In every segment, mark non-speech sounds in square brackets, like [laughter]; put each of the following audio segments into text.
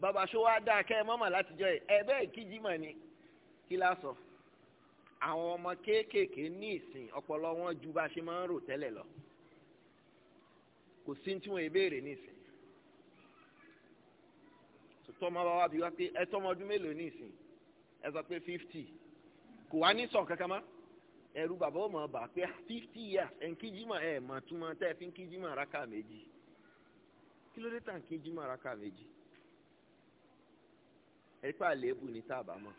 bàbá ṣó wá dáa kẹ́ ẹ mọ́mọ́ látijọ́ ẹ̀ ẹ bẹ́ẹ̀ kíjì mọ̀ ni kí la sọ àwọn ọmọ kéékèèké ní ìsìn ọpọlọ wọn ju bá a ṣe máa ń rò tẹ́lẹ̀ lọ kò sí tí wọn ìbéèrè ní ìsìn tọ́mọ bá wá bí wá pé ẹ tọ́mọ ọdún mélòó ní ìsìn ẹ sọ pé fifty kò wá ní sàn kankan mọ́ ẹrú bàbá ò mọ̀ bà pé ah, fifty years ẹ̀ ń kíjì mọ̀ ẹ̀ mọ̀ túmọ̀ tẹ́ ẹ fi ń kíjì mọ̀ raka méjì kí ló dé tà ń kíjì mọ̀ raka méjì ẹ̀rípa àléébù ní sábà mọ́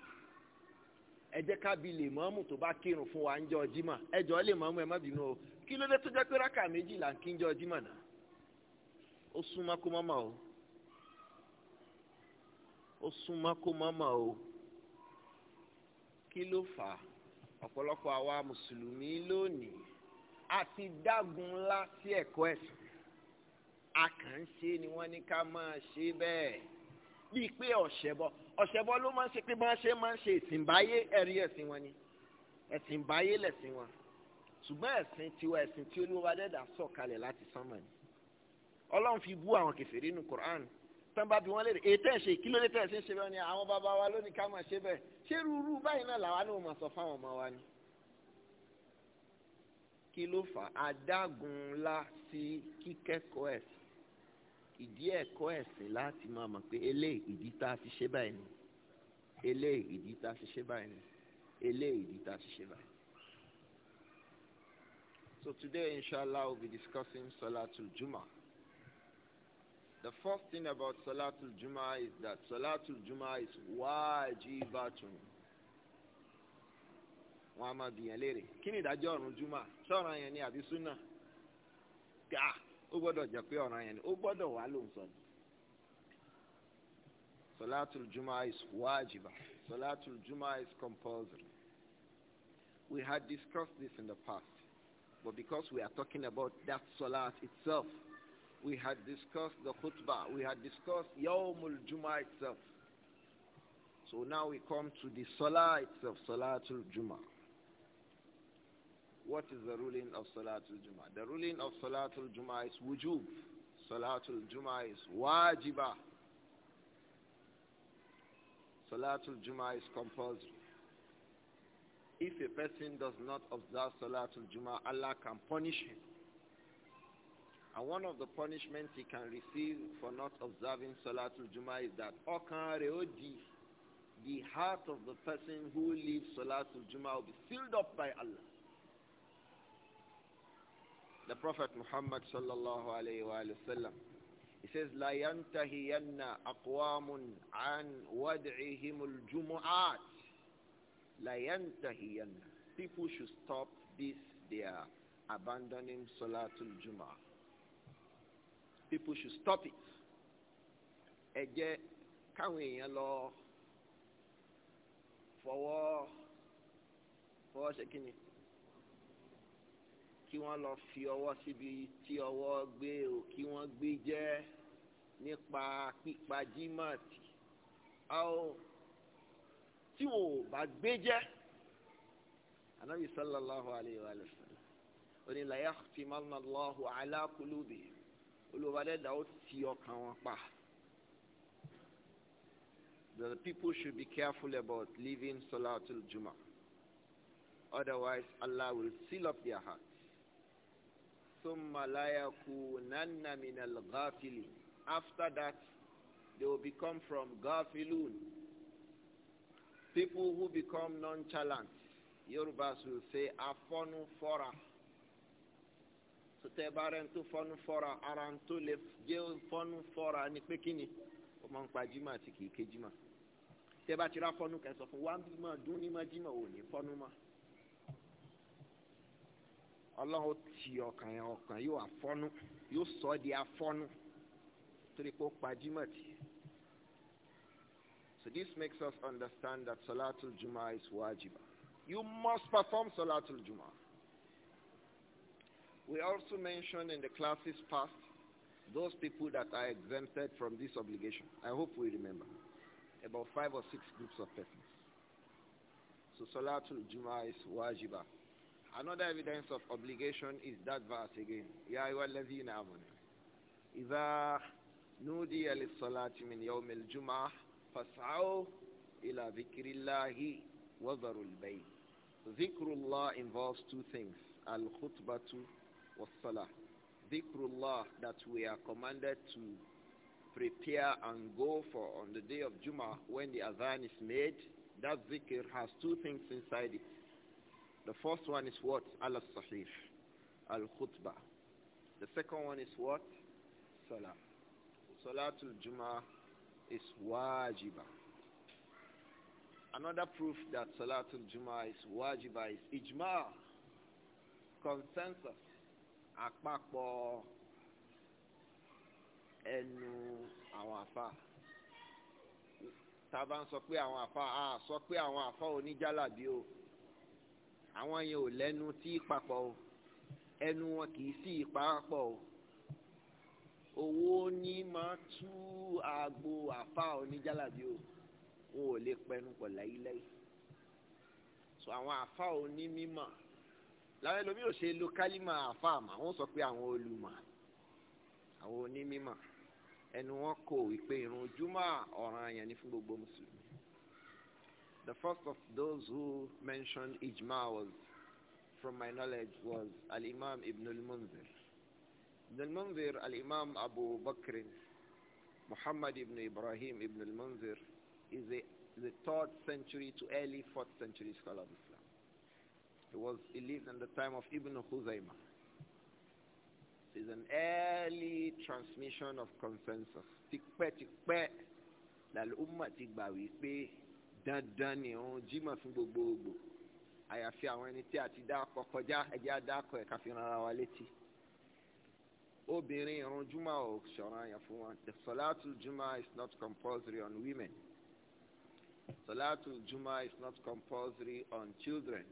ẹ jẹ́ kábí lè mọ́mù tó bá kírun fún wa ń jọ jimá ẹ jọ lè mọ́mù ẹ má bínú o kí ló dé tó jẹ́ pé rákà méjì là ń kí ń jọ jimá náà ó súnmọ́ kó mọ́mọ́ o ó súnmọ́ kó mọ́mọ́ o kí ló fà á ọ̀pọ̀lọpọ̀ àwa mùsùlùmí lónìí a dágun ńlá sí ẹ̀kọ́ ẹ̀sìn a kàn ń ṣe ni wọ́n ní ká máa ṣe bẹ́ẹ̀ bíi pé ọ̀ṣẹ́ bọ́ ọ̀sẹ̀bọ ló máa ń ṣe pé máa ṣe máa ń ṣe ìsìnbáyé ẹ̀rí ẹ̀sìn wọn ni ẹ̀sìnbáyé lẹ̀sìn wọn ṣùgbọ́n ẹ̀sìn tiwa ẹ̀sìn tí olúwa dẹ́dà sọ̀ kalẹ̀ láti sánmà ni ọlọ́run fi bú àwọn kẹfìrí nu Qur'an tán bá bi wọ́n léèrè èyí tẹ́ ẹ̀ ṣe kílódé tẹ́ ẹ̀ ṣe ń ṣe bẹ́ẹ̀ ni àwọn bàbá wa lónìí ká máa ṣe bẹ́ẹ̀ ṣé rúurú báyìí náà làwa náà máa sọ fáwọn ọmọ wa ni kí ló fà á adágún ńlá sí kíkẹ́kọ̀ọ́ ẹ̀sìn ìdí ẹ̀kọ́ ẹ̀sìn láti máa mọ̀ pé ìdí tá a fi ṣe báyìí ni ìdí tá a fi ṣe báyìí ni ìdí tá a fi ṣe báyìí. So today, inshallah, we'll be discussing Salatul Juma. The first thing about Salatul Juma is that Salatul Juma is wajibatun. Wa á bìyàn léèrè. Kí ni ìdájọ́ ọ̀run Jummah? yẹn ni àbí ó gbọ́dọ̀ jẹ́ pé ọ̀ràn yẹn ni ó gbọ́dọ̀ wà ni. Salatul Juma is wajiba. Salatul Juma is compulsory. We had discussed this in the past. But because we are talking about that Salat itself, we had discussed the khutbah, we had discussed Yawmul Juma itself. So now we come to the Salah itself, Salatul Juma. What is the ruling of Salatul Jummah? The ruling of Salatul Jummah is wujub. Salatul Jummah is wajibah. Salatul Jummah is compulsory. If a person does not observe Salatul Jummah, Allah can punish him. And one of the punishments he can receive for not observing Salatul Jummah is that Okan Reodi, the heart of the person who leaves Salatul Jummah will be filled up by Allah the Prophet Muhammad sallallahu alayhi wa sallam. He says, لا ينتهين أقوام عن ودعهم الجمعات لا ينتهين People should stop this their abandoning Salatul Jum'ah. People should stop it. Ẹ jẹ́ káwọn èèyàn lọ fọwọ́ fọwọ́ ṣe kí ni? kí wọ́n lọ fi ọwọ́ síbi tí ọwọ́ gbé o kí wọ́n gbé jẹ́ nípa pípa jímọ̀tì tí ò bá gbé jẹ́ anabi sallallahu alayhi wa sallam ó ti ọkàn wọn pa. The people should be careful about leaving Salatul Jummah. Otherwise, Allah will seal up their hearts. ثُمَّ لَيَكُونَنَّ مِنَ الْغَافِلِينَ After that, they will become from gafilun. People who become nonchalant. Yorubas will say, afọ́nú fọ́ra. So bá rẹ̀ fọ́nú fọ́ra, ara ń tó lè jẹ́ fọ́nú fọ́ra ní pekini. kíni. Ó máa ń pa jimá àti kìí jimá. Tẹ́ bá ti fọ́nú kẹsàn fún wa bí máa ní máa jimá ò ní fọ́nú máa ọlọ́run ti ọkàn yẹn ọkàn yóò afọ́nú yóò sọ ọ́ di afọ́nú torí tì So this makes us understand that Salatul jumā is wajib. You must perform Salatul jumā. We also mentioned in the classes past those people that are exempted from this obligation. I hope we remember. About five or six groups of persons. So Salatul jumā is wajibah. Another evidence of obligation is that verse again. يَا أَيُّهَا الَّذِينَ آمَنُوا إِذَا نُودِيَ min مِنْ al الْجُمْعَةِ fasau ila ذِكْرِ اللَّهِ وَذَرُوا الْبَيْعَ Dhikrullah involves two things, al-khutbatu was-salah. Dhikrullah that we are commanded to prepare and go for on the day of Jum'a when the adhan is made, that zikr has two things inside it. The first one is what? Al-Sahih. Al-Khutbah. The second one is what? Salah. Salatul Jummah is wajibah. Another proof that Salatul Jummah is wajibah is ijma, consensus, àpapọ̀ ẹnu awafa. àfa. Tá awafa. Ah, ń awafa oníjàlá àwọn yẹn ò lẹ́nu tí papọ̀ o ẹnu wọn kì í sí ìparapọ̀ o owó ní máa tú àgbo àfa oníjàlábí o wọn ò lè pẹnu pọ̀ láyíláyí so àwọn àfa onímọ̀ làwọn ẹlòmíì ò ṣe lo kálímà àfa àmà wọn sọ pé àwọn olùmọ̀ àwọn onímọ̀ ẹnu wọn kò wípé ìrun júmọ̀ ọ̀ranyàn ni fún gbogbo mùsùlùmí. The first of those who mentioned ijma was, from my knowledge, was Al-Imam Ibn al-Munzir. Ibn al-Munzir, Al-Imam Abu Bakr, Muhammad Ibn Ibrahim Ibn al-Munzir, is a, the 3rd century to early 4th century scholar of Islam. He, was, he lived in the time of Ibn This It's an early transmission of consensus. Tipẹ́tipẹ́ làlùmọ̀ ti dandan ni gbogbogbò àyàfi àwọn ẹni tí a ti kọjá ẹjẹ rárá wa létí obìnrin irun juma ò fún the salatul juma is not compulsory on women salatul juma is not compulsory on children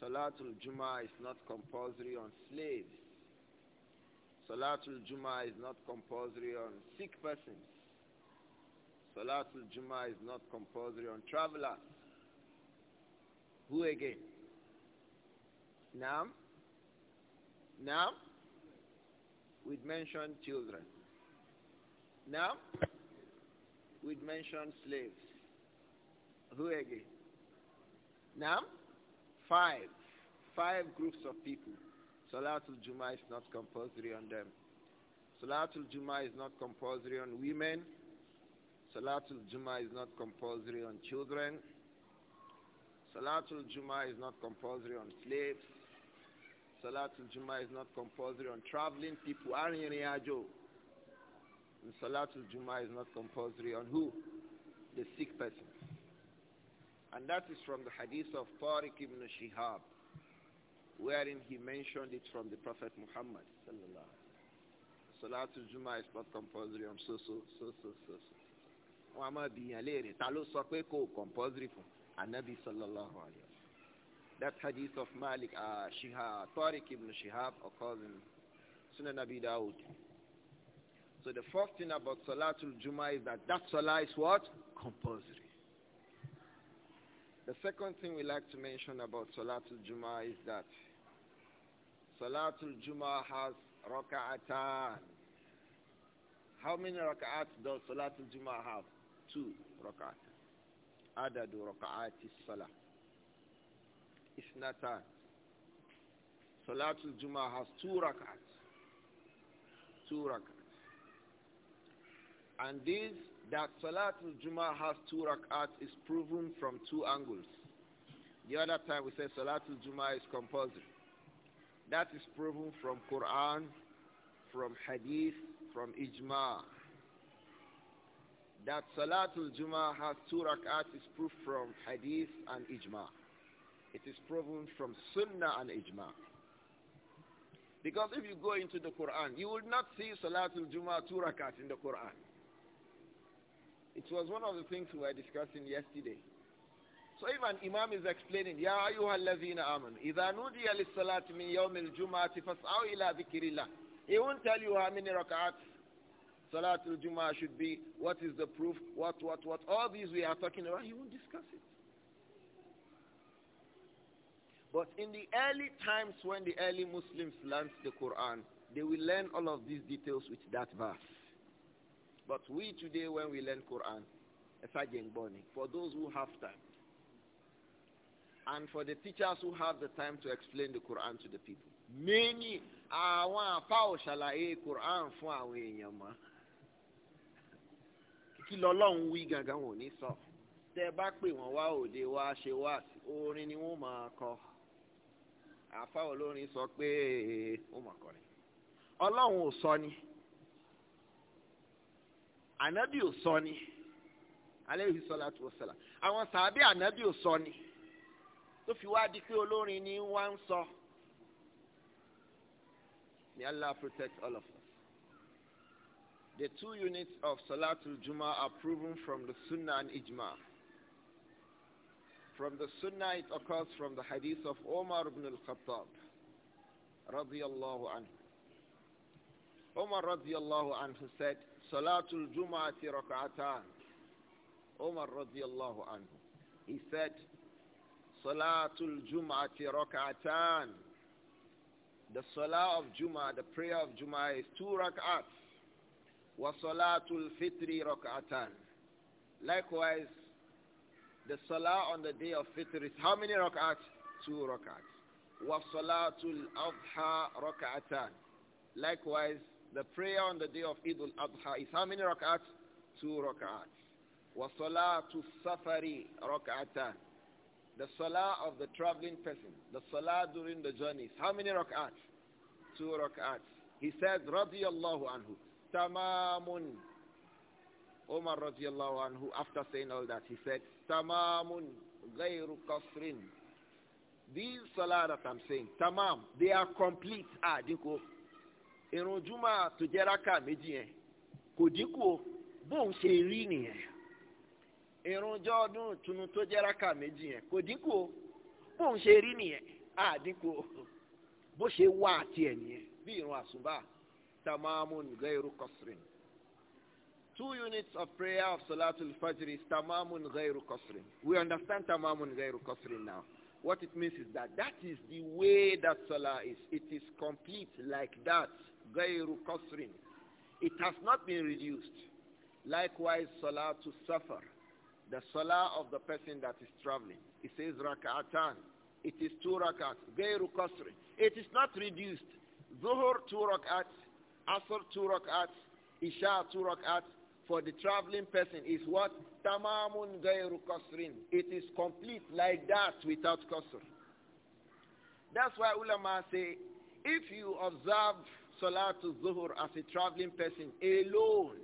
salatul juma is not compulsory on slaves salatul juma is not compulsory on sick persons Salatul Jummah is not compulsory on travelers. Who again? Now? Now? We'd mentioned children. Now? We'd mentioned slaves. Who again? Now? Five. Five groups of people. Salatul Jummah is not compulsory on them. Salatul Jummah is not compulsory on women. Salatul Jummah is not compulsory on children. Salatul Jummah is not compulsory on slaves. Salatul Jummah is not compulsory on traveling people. are Ajo. And Salatul Jummah is not compulsory on who? The sick person. And that is from the hadith of Tariq ibn Shihab, wherein he mentioned it from the Prophet Muhammad sallallahu Salatul Jummah is not compulsory on so, so, so, so, so. so wọn a máa bìyàn léèrè ta ló sọ pé kò compulsory fún anabi sallallahu alayhi wa sallam that hadith of malik uh, shihab tariq ibn shihab occurs in sunan abi dawud so the fourth thing about salatul jummah is that that salah is what compulsory the second thing we like to mention about Salatul Jummah is that Salatul Jummah has raka'atan. How many raka'at does Salatul Jummah have? two rak'at. عدد ركعات الصلاة اثنتان صلاة الجمعة has two rak'ats two rak'ats and this that Salatul Jummah has two rak'ats is proven from two angles the other time we said Salatul Jummah is compulsory that is proven from Quran from Hadith from Ijma that Salatul Juma has two rak'at is proof from hadith and ijma. It is proven from sunnah and ijma. Because if you go into the Quran, you will not see Salatul Juma two rak'at in the Quran. It was one of the things we were discussing yesterday. So if an imam is explaining, Ya ayyuha allazina amanu, idha nudiya lis Salat min yawm al-jum'ati ila dhikrillah. He won't tell you how many rak'ats Salatul Jummah should be, what is the proof, what, what, what. All these we are talking about, he won't discuss it. But in the early times when the early Muslims learned the Quran, they will learn all of these details with that verse. But we today, when we learn Quran, for those who have time, and for the teachers who have the time to explain the Quran to the people. Many àwọn àfa òṣàlàyé Quran fún àwọn èèyàn mọ́. kí lọ́lọ́run wí gangan wọn ò ní sọ tẹ́ bá pè wọ́n wá òde wá ṣe wá orin ni wọ́n máa kọ àfa olórin sọ pé ó máa kọrin ọlọ́run ò sọ ni ànábì ò sọ ni aleyhi salatu wa salam àwọn sàábì ànábì ò sọ ni tó fi wá di pé olórin ni wọ́n ń sọ. May Allah protect all of us. The two units of Salatul Juma are proven from the Sunnah and Ijma. From the Sunnah it occurs from the hadith of Omar ibn al-Khattab radiyallahu anhu. Omar radiyallahu anhu said, Salatul Jum'ati rak'atan. Omar radiyallahu anhu. He said, Salatul Jum'ati rak'atan. The Salah of Jum'ah, the prayer of Jum'ah is two rak'ats. وَصَلَاةُ fitri رَكْعَتَانِ Likewise, the salah on the day of fitr is how many rak'at? Two rak'at. وَصَلَاةُ adha رَكْعَتَانِ Likewise, the prayer on the day of Eid al-Adha is how many rak'at? Two rak'at. وَصَلَاةُ safari رَكْعَتَانِ The salah of the traveling person, the salah during the journeys, how many rak'at? Two rak'at. He said, رَضِيَ اللَّهُ tamamun. Omar radiallahu anhu, after saying all that, he said, tamamun ghayru kasrin. These salah that I'm saying, tamam, they are complete. Ah, dínkù. Irun Juma tó jẹ́ raka méjì yẹn, kò dínkù bóun ṣe rí nìyẹn. Irun jọ́ọ̀dún tunu tó jẹ́ raka méjì yẹn, kò dínkù bóun ṣe rí nìyẹn. Ah, dínkù. Bó ṣe wá àti ẹ̀ nìyẹn, bí irun àsùnbà. tamamun ghayru qasrin. Two units of prayer of Salatul Fajr is tamamun ghayru qasrin. We understand tamamun ghayru qasrin now. What it means is that that is the way that Salah is. It is complete like that. Ghayru qasrin. It has not been reduced. Likewise, Salah to suffer. The Salah of the person that is traveling. It says an. It is two rak'at. Ghayru qasrin. It is not reduced. Zuhur two rak'at. Asr two rak'at, Isha two rak'at for the traveling person is what? Tamamun gayru kasrin. It is complete like that without kasr. That's why ulama say, if you observe Salatul Zuhur as a traveling person alone,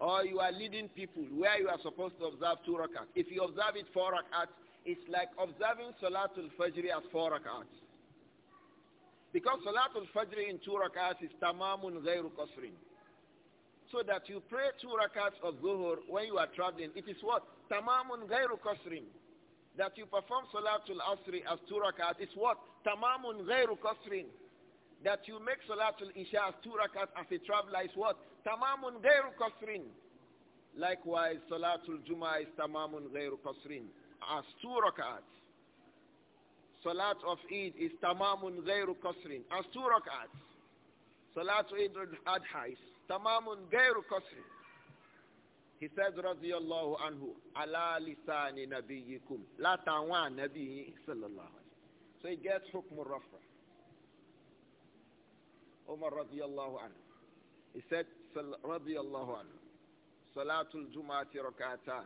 or you are leading people where you are supposed to observe two rakats, if you observe it four rakats, it's like observing Salatul Fajr as four rakats. Because Salatul Fajr in two rakats is tamamun ghayru qasrin. So that you pray two rakats of Zuhur when you are traveling, it is what? Tamamun ghayru qasrin. That you perform Salatul Asri as two rakats is what? Tamamun ghayru qasrin. That you make Salatul Isha as two rakats as a traveler is what? Tamamun ghayru qasrin. Likewise, Salatul Jummah is tamamun ghayru qasrin. As two rakats. Salat of Eid is tamamun ghayru kasrin. As two rak'ats. Salat Eid al-Adha is tamamun ghayru kasrin. He says, radiyallahu anhu, ala lisani nabiyyikum. La tawa nabiyyi sallallahu alayhi So he gets hukm al-rafa. Umar radiyallahu anhu. He said, radiyallahu anhu, salatul jumati rak'atan.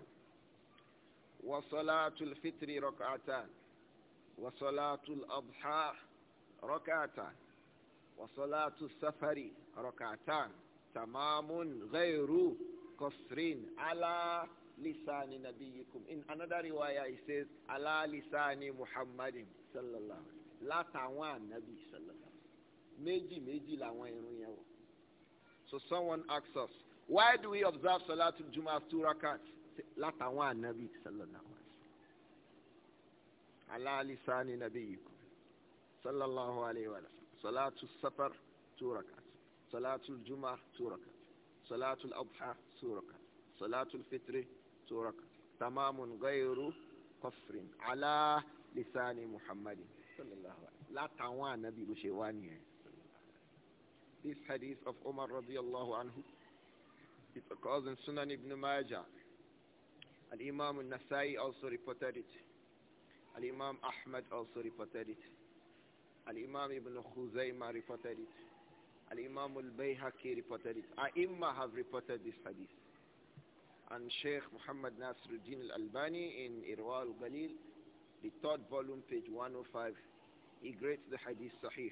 وصلاة fitri ركعتان وصلاة الأضحى ركعتان وصلاة السفر ركعتان تمام غير قصر على لسان نبيكم إن أنا رواية it says على لسان محمد صلى الله عليه وسلم لا تعوان نبي صلى الله عليه وسلم méjì méjì làwọn irun yẹn so someone asks us why do we observe salatul juma two rakats rakat látàwọn anabi sallallahu على لسان نبيكم صلى الله عليه وسلم صلاة السفر two صلاة الجمعة two صلاة الأضحى two صلاة الفطر two تمام غير قصر على لسان محمد صلى الله عليه وسلم لا تعوان نبي بشيواني This hadith of Umar الله عنه it occurs in Sunan ibn Majah Al-Imam al-Nasai also reported it Al-Imam Ahmad also reported it. Al-Imam Ibn Khuzaymah reported it. Al-Imam Al-Bayhaqi reported it. Aimma have reported this hadith. And Sheikh Muhammad Nasruddin Al-Albani in Irwa Al-Ghalil, the third volume, page 105, he grades the hadith sahih.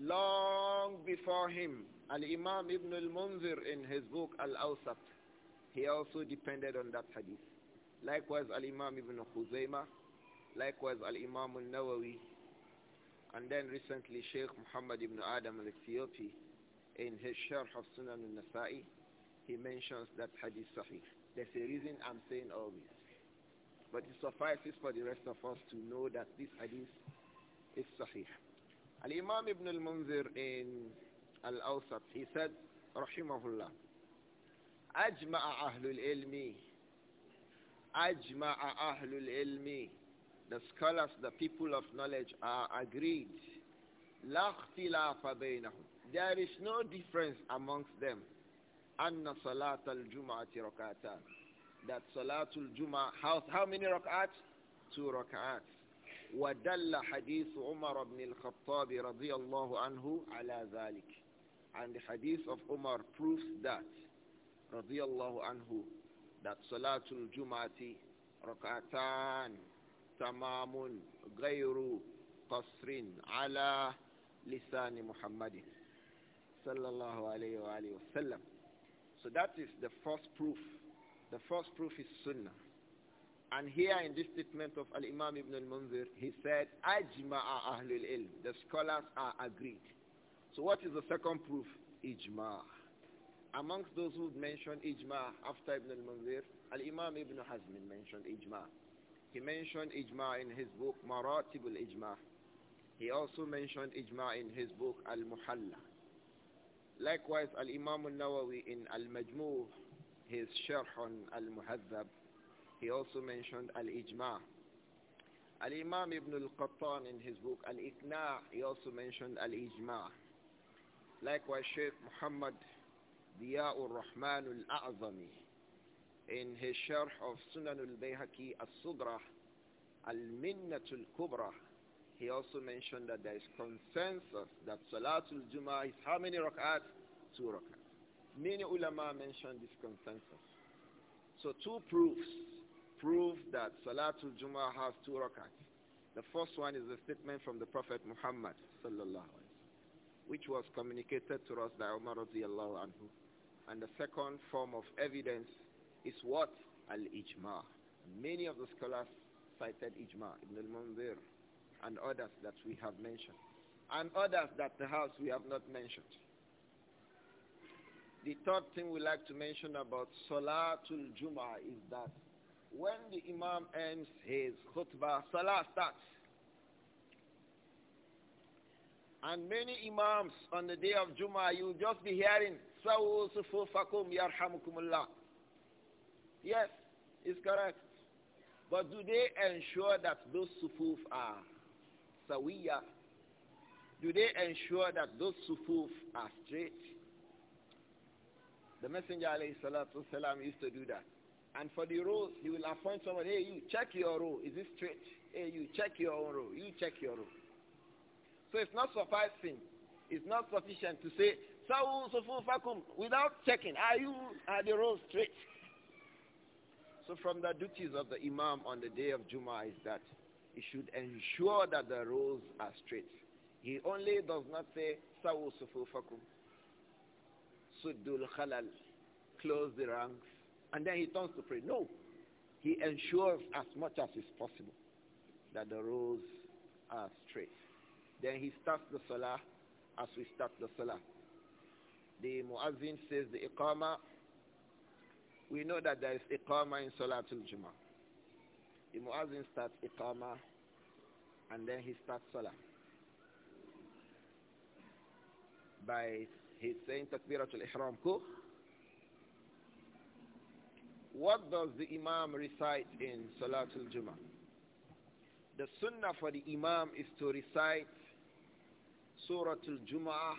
Long before him, Al-Imam Ibn Al-Munzir in his book Al-Awsat, he also depended on that hadith. Likewise, Al-Imam Ibn Khuzaymah, likewise Al-Imam al-Nawawi, and then recently Sheikh Muhammad ibn Adam al-Ethiopi, in his Sharh of Sunan al-Nasa'i, he mentions that hadith sahih. There's a reason I'm saying all this. But it suffices for the rest of us to know that this hadith is sahih. Al-Imam ibn al-Munzir in Al-Awsat, he said, Rahimahullah, أجمع أهل العلم أجمع أهل العلم the scholars, the people of knowledge are agreed. There is no difference amongst them. أن صلاة الجمعة ركعتان. That Salatul Jum'ah, how, how many rak'at? Two Rak'at. ودل حديث عمر بن الخطاب رضي الله عنه على ذلك. And the hadith of Umar proves that, رضي الله عنه, that Salatul Jum'ati ركعتان تمام غير قصر على لسان محمد صلى الله عليه وآله وسلم So that is the first proof. The first proof is Sunnah. And here in this statement of Al-Imam Ibn al-Munzir, he said, Ajma'a Ahlul Ilm. The scholars are agreed. So what is the second proof? Ijma. Amongst those who mentioned Ijma after Ibn al-Munzir, Al-Imam Ibn Hazm mentioned Ijma. He mentioned ijma in his book Maratibul Ijma. He also mentioned ijma in his book Al-Muhalla. Likewise, Al-Imam al-Nawawi in Al-Majmu' his sharh on Al-Muhadhab, he also mentioned Al-Ijma. Al-Imam Ibn al-Qattan in his book Al-Iqna', he also mentioned Al-Ijma. Likewise, Sheikh Muhammad Diya'ur Rahman al-A'zami, in his sharh of Sunan al-Bayhaqi al-Sugra, al-Minnatul Kubra, he also mentioned that there is consensus that Salatul Jummah is how many rak'at? Two rak'at. Many ulama mentioned this consensus. So two proofs prove that Salatul Jummah has two rak'at. The first one is a statement from the Prophet Muhammad sallallahu which was communicated to us by Umar radiallahu anhu. And the second form of evidence is what? Al-Ijma. Many of the scholars cited Ijma, Ibn al-Munzir, and others that we have mentioned, and others that perhaps we have not mentioned. The third thing we like to mention about Salatul Jum'ah is that when the Imam ends his khutbah, Salah starts. And many Imams on the day of Jum'ah, you'll just be hearing, Sawu Sufufakum Yarhamukumullah. Yes, it's correct. But do they ensure that those sufuf are sawiya? Do they ensure that those sufuf are straight? The Messenger والسلام, used to do that. And for the rows, he will appoint someone, hey, you check your row. Is it straight? Hey, you check your own row. You check your row. So it's not sufficing. It's not sufficient to say, Sawu Sufufakum, without checking, are you, are the rows straight? So from the duties of the Imam on the day of Jummah is that he should ensure that the rows are straight. He only does not say, Sawu sufufakum, suddul khalal, close the ranks, and then he turns to pray. No. He ensures as much as is possible that the rows are straight. Then he starts the salah as we start the salah. The muazzin says the iqamah we know that there is iqama in Salatul Jummah. The Muazzin starts iqama and then he starts Salah. By his saying Takbiratul Ihram ko. What does the Imam recite in Salatul Jummah? The sunnah for the Imam is to recite Suratul Jummah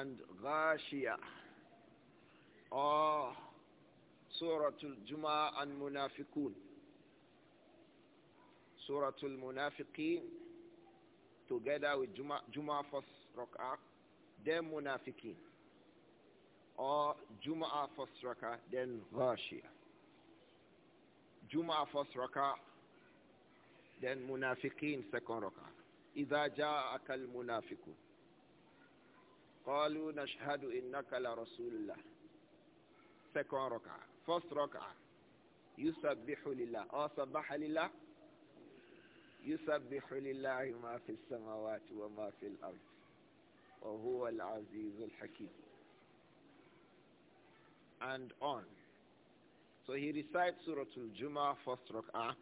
and Ghashiyah آه Surah Al-Jumu'ah and Munafiqun. Surah Al-Munafiqeen together with جمعة جمعة first ركعة then Munafiqeen. Or جمعة first ركعة then غاشية جمعة first ركعة then Munafiqeen second ركعة إذا جاءك المنافقون قالوا نشهد إنك لرسول الله second rak'ah, first rak'ah, yusabbihu lillah, or sabbaha lillah, yusabbihu lillahi ma fi samawati wa ma fi al-ard, wa huwa al-aziz al-hakim. And on. So he recites Surah Al-Jumu'ah, first rak'ah,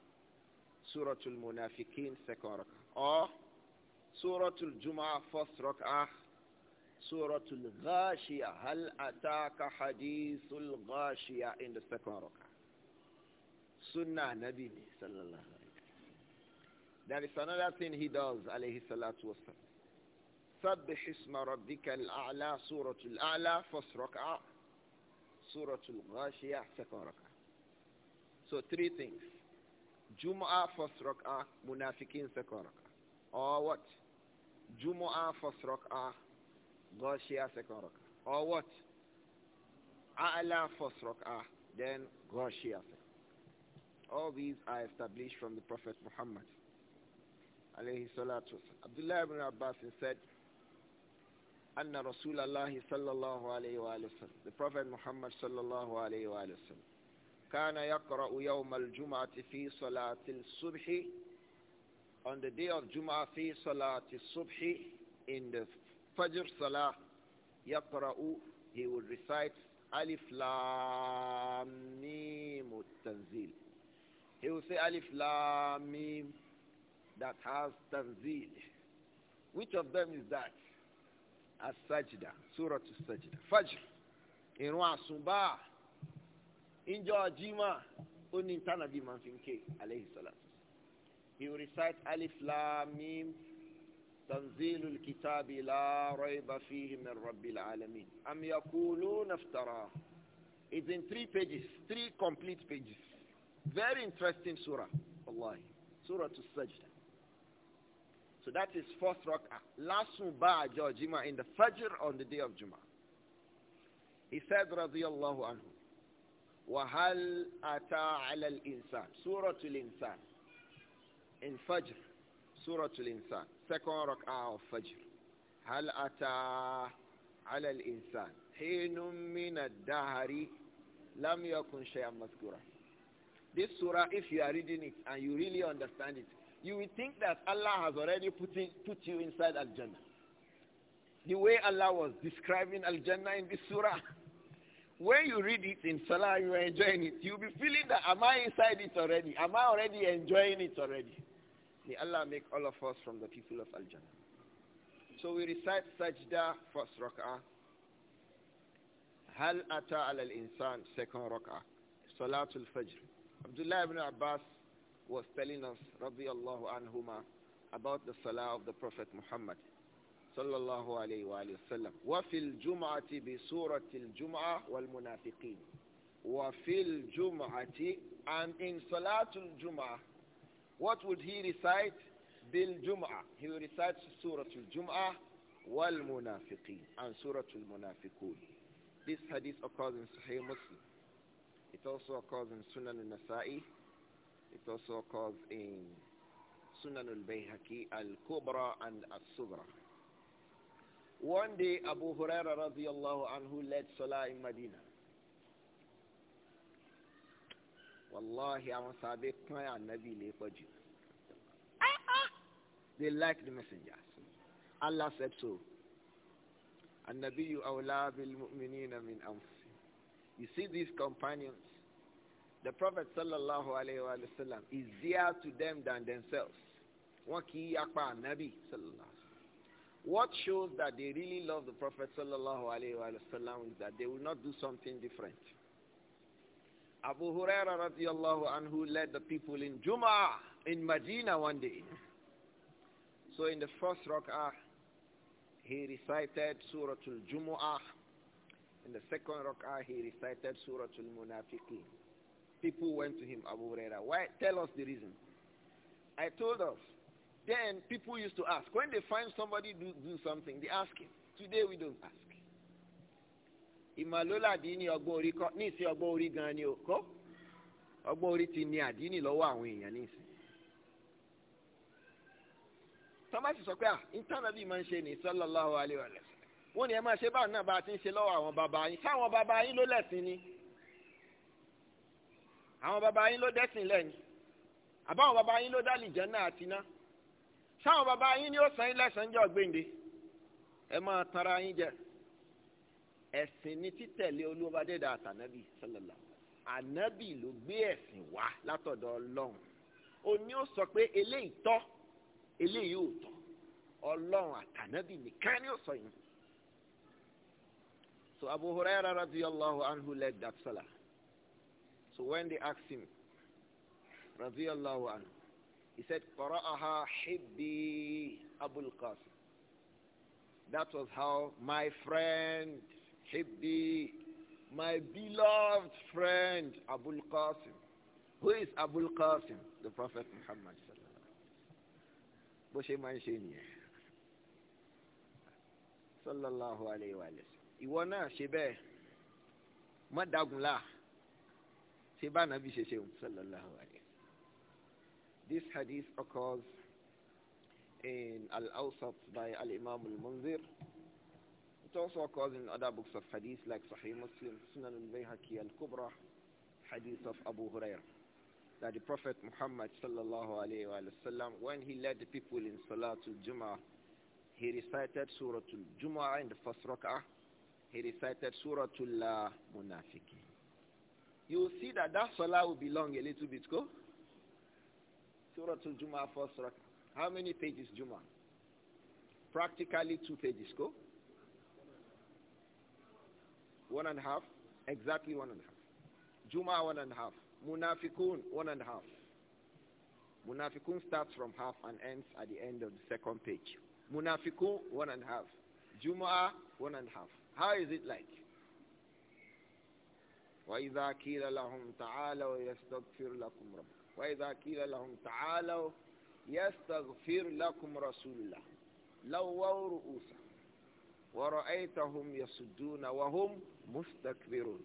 Surah Al-Munafiqeen, second rak'ah, or Surah Al-Jumu'ah, first rak'ah, سورة الغاشية هل Hal ataka hadith al-Ghashiyah in the second صلى الله عليه وسلم That is another thing he does, alayhi salatu wasalam. سبح اسم ربك الأعلى سورة الأعلى first ركعة سورة الغاشية second ركعة So three things. Jumu'ah first rak'ah, munafiqeen second rak'ah. Or what? Jumu'ah first rak'ah, share second rak'ah. Or what? Allah first rak'ah, then Ghashiyah second. All these are established from the Prophet Muhammad. Alayhi salatu Abdullah ibn Abbas said, Anna Rasulallah الله صلى الله عليه وآله the Prophet Muhammad sallallahu alayhi عليه وآله كان يقرأ يوم الجمعة في صلاة الصبح on the day of Jum'ah في صلاة الصبح in the Fajr Salah, Yaqra'u, he will recite Alif Lam Mim Tanzil. He will say Alif Lam Mim that has Tanzil. Which of them is that? As-Sajda, Surah As-Sajda. Fajr, Irun Asubah, Injo Jima, Onintana Bimanfinke, alayhi salatu. He will recite Alif Lam Mim تنزيل الكتاب لا ريب فيه من رب العالمين أم يقولون افتراه It's in three pages, three complete pages. Very interesting surah, Allah. Surah to Sajda. So that is first rak'ah. Last subah Juma in the Fajr on the day of Juma. He said, radiyallahu anhu, وَهَلْ أَتَى عَلَى الْإِنسَانِ Surah to insan In Fajr, Surah to insan second rak'ah of Fajr. هل أتى على الإنسان حين من الدهر لم يكن شيئا مذكورا This surah, if you are reading it and you really understand it, you will think that Allah has already put, put you inside Al-Jannah. The way Allah was describing Al-Jannah in this surah, [laughs] when you read it in Salah, you are enjoying it. You'll be feeling that, am I inside it already? Am I already enjoying it already? May Allah make all of us from the people of Al-Jannah. So we recite Sajda, first rak'ah. Hal ata al insan second rak'ah. Salatul Fajr. Abdullah ibn Abbas was telling us, radiyallahu anhuma, about the salah of the Prophet Muhammad sallallahu alayhi wa sallam. وَفِي الْجُمْعَةِ بِسُورَةِ الْجُمْعَةِ وَالْمُنَافِقِينَ وَفِي الْجُمْعَةِ And in Salatul Jum'ah, what would he recite? Bil Jum'ah. He would recite Surah Al-Jum'ah wal Munafiqin, and Surah Al-Munafiqun. This hadith occurs in Sahih Muslim. It also occurs in Sunan al-Nasa'i. It also occurs in Sunan al-Bayhaqi, al-Kubra and al-Sugra. One day Abu Huraira radiallahu anhu led Salah in Medina. wàláhi àwọn sàbẹ̀ pọ́n ànábì lè pọ̀ jù. They like the messengers. Allah said so. النبي أولى بالمؤمنين min أنفسهم. You see these companions, the Prophet sallallahu alayhi wa sallam is dear to them than themselves. Wọ́n kì sallallahu What shows that they really love the Prophet sallallahu alaihi wa sallam is that they will not do something different. Abu Huraira radiallahu anhu led the people in Jum'ah in Medina one day. So in the first rak'ah, he recited Surah Al-Jumu'ah. In the second rak'ah, he recited Surah Al-Munafiqeen. People went to him, Abu Huraira, why? Tell us the reason. I told us. Then people used to ask. When they find somebody do, do something, they ask him. Today we don't ask. ìmọ̀lólàdí ní ọgbọ́n orí kọ́ ní ìsìn ọgbọ́n orí gan ni o kọ́ ọgbọ́n orí ti ní àdínì lọ́wọ́ àwọn èèyàn ní ìsìn. tọ́másì sọ pé à ìtànàbí máa ń ṣe ní sọ́lọ́láhùn aléwàlẹ̀ wọ́n ní ẹ máa ṣe báà náà bá a ti ń ṣe lọ́wọ́ àwọn bàbá yín sáwọn bàbá yín ló lẹ̀sìn ni àwọn bàbá yín ló dẹ́sìn lẹ́ni àbáwọn bàbá yín ló dálì jẹ́ àti ná sáwọn bàbá yín ni ó sàn yín lẹ́sàn-án jẹ́ ọ̀gbẹ́ǹde ẹ máa tanra yín jẹ́ ẹ̀sìn ni títẹ̀lé olúwa àtànábì sọlọ́lá ànábì ló gbé ẹ̀sìn wá látọ̀dọ̀ ọlọ́run òní ó sọ pé eléyìí tọ́ eléyìí ò tọ́ ọlọ́run àtànábì nìkan ni ó sọ yìí. So Abu Huraira anhu led that salah. So when they asked him, Allahu anhu, he said, Qara'aha hibbi Abul Qasim. That was how my friend Hibbi, my beloved friend Abul Qasim. Who is Abul Qasim? The Prophet Muhammad bó ṣe máa ń ṣe nìyẹn sallallahu alayhi wa ìwọ náà ṣe bẹ́ẹ̀ má nàbí ṣe sallallahu alayhi this hadith occurs in al-awsat by al-imam al-munzir. al awsat by al imam al munzir it also occurs in other books of hadith like Sahih Muslim, Sunan al-Bayhaqi, Al-Kubra, hadith of Abu Hurairah. That the Prophet Muhammad sallallahu alayhi wa sallam, when he led the people in Salatul Jum'ah, he recited Surah Al-Jum'ah in the first rak'ah. He recited Surah Al-Munafiqin. You will see that that Salah will be long a little bit, go? Surah jumah first rak'ah. How many pages Jum'ah? Practically two pages, go? one and a half, exactly one and a half. Juma, one and a half. Munafikun, one and a half. Munafikun starts from half and ends at the end of the second page. Munafikun, one and a half. Juma, one and a half. How is it like? وإذا قيل لهم تعالوا يستغفر لكم رب وإذا قيل لهم تعالوا يستغفر لكم رسول الله لووا رؤوسهم وَرَأَيْتَهُمْ وَهُمْ مُسْتَكْبِرُونَ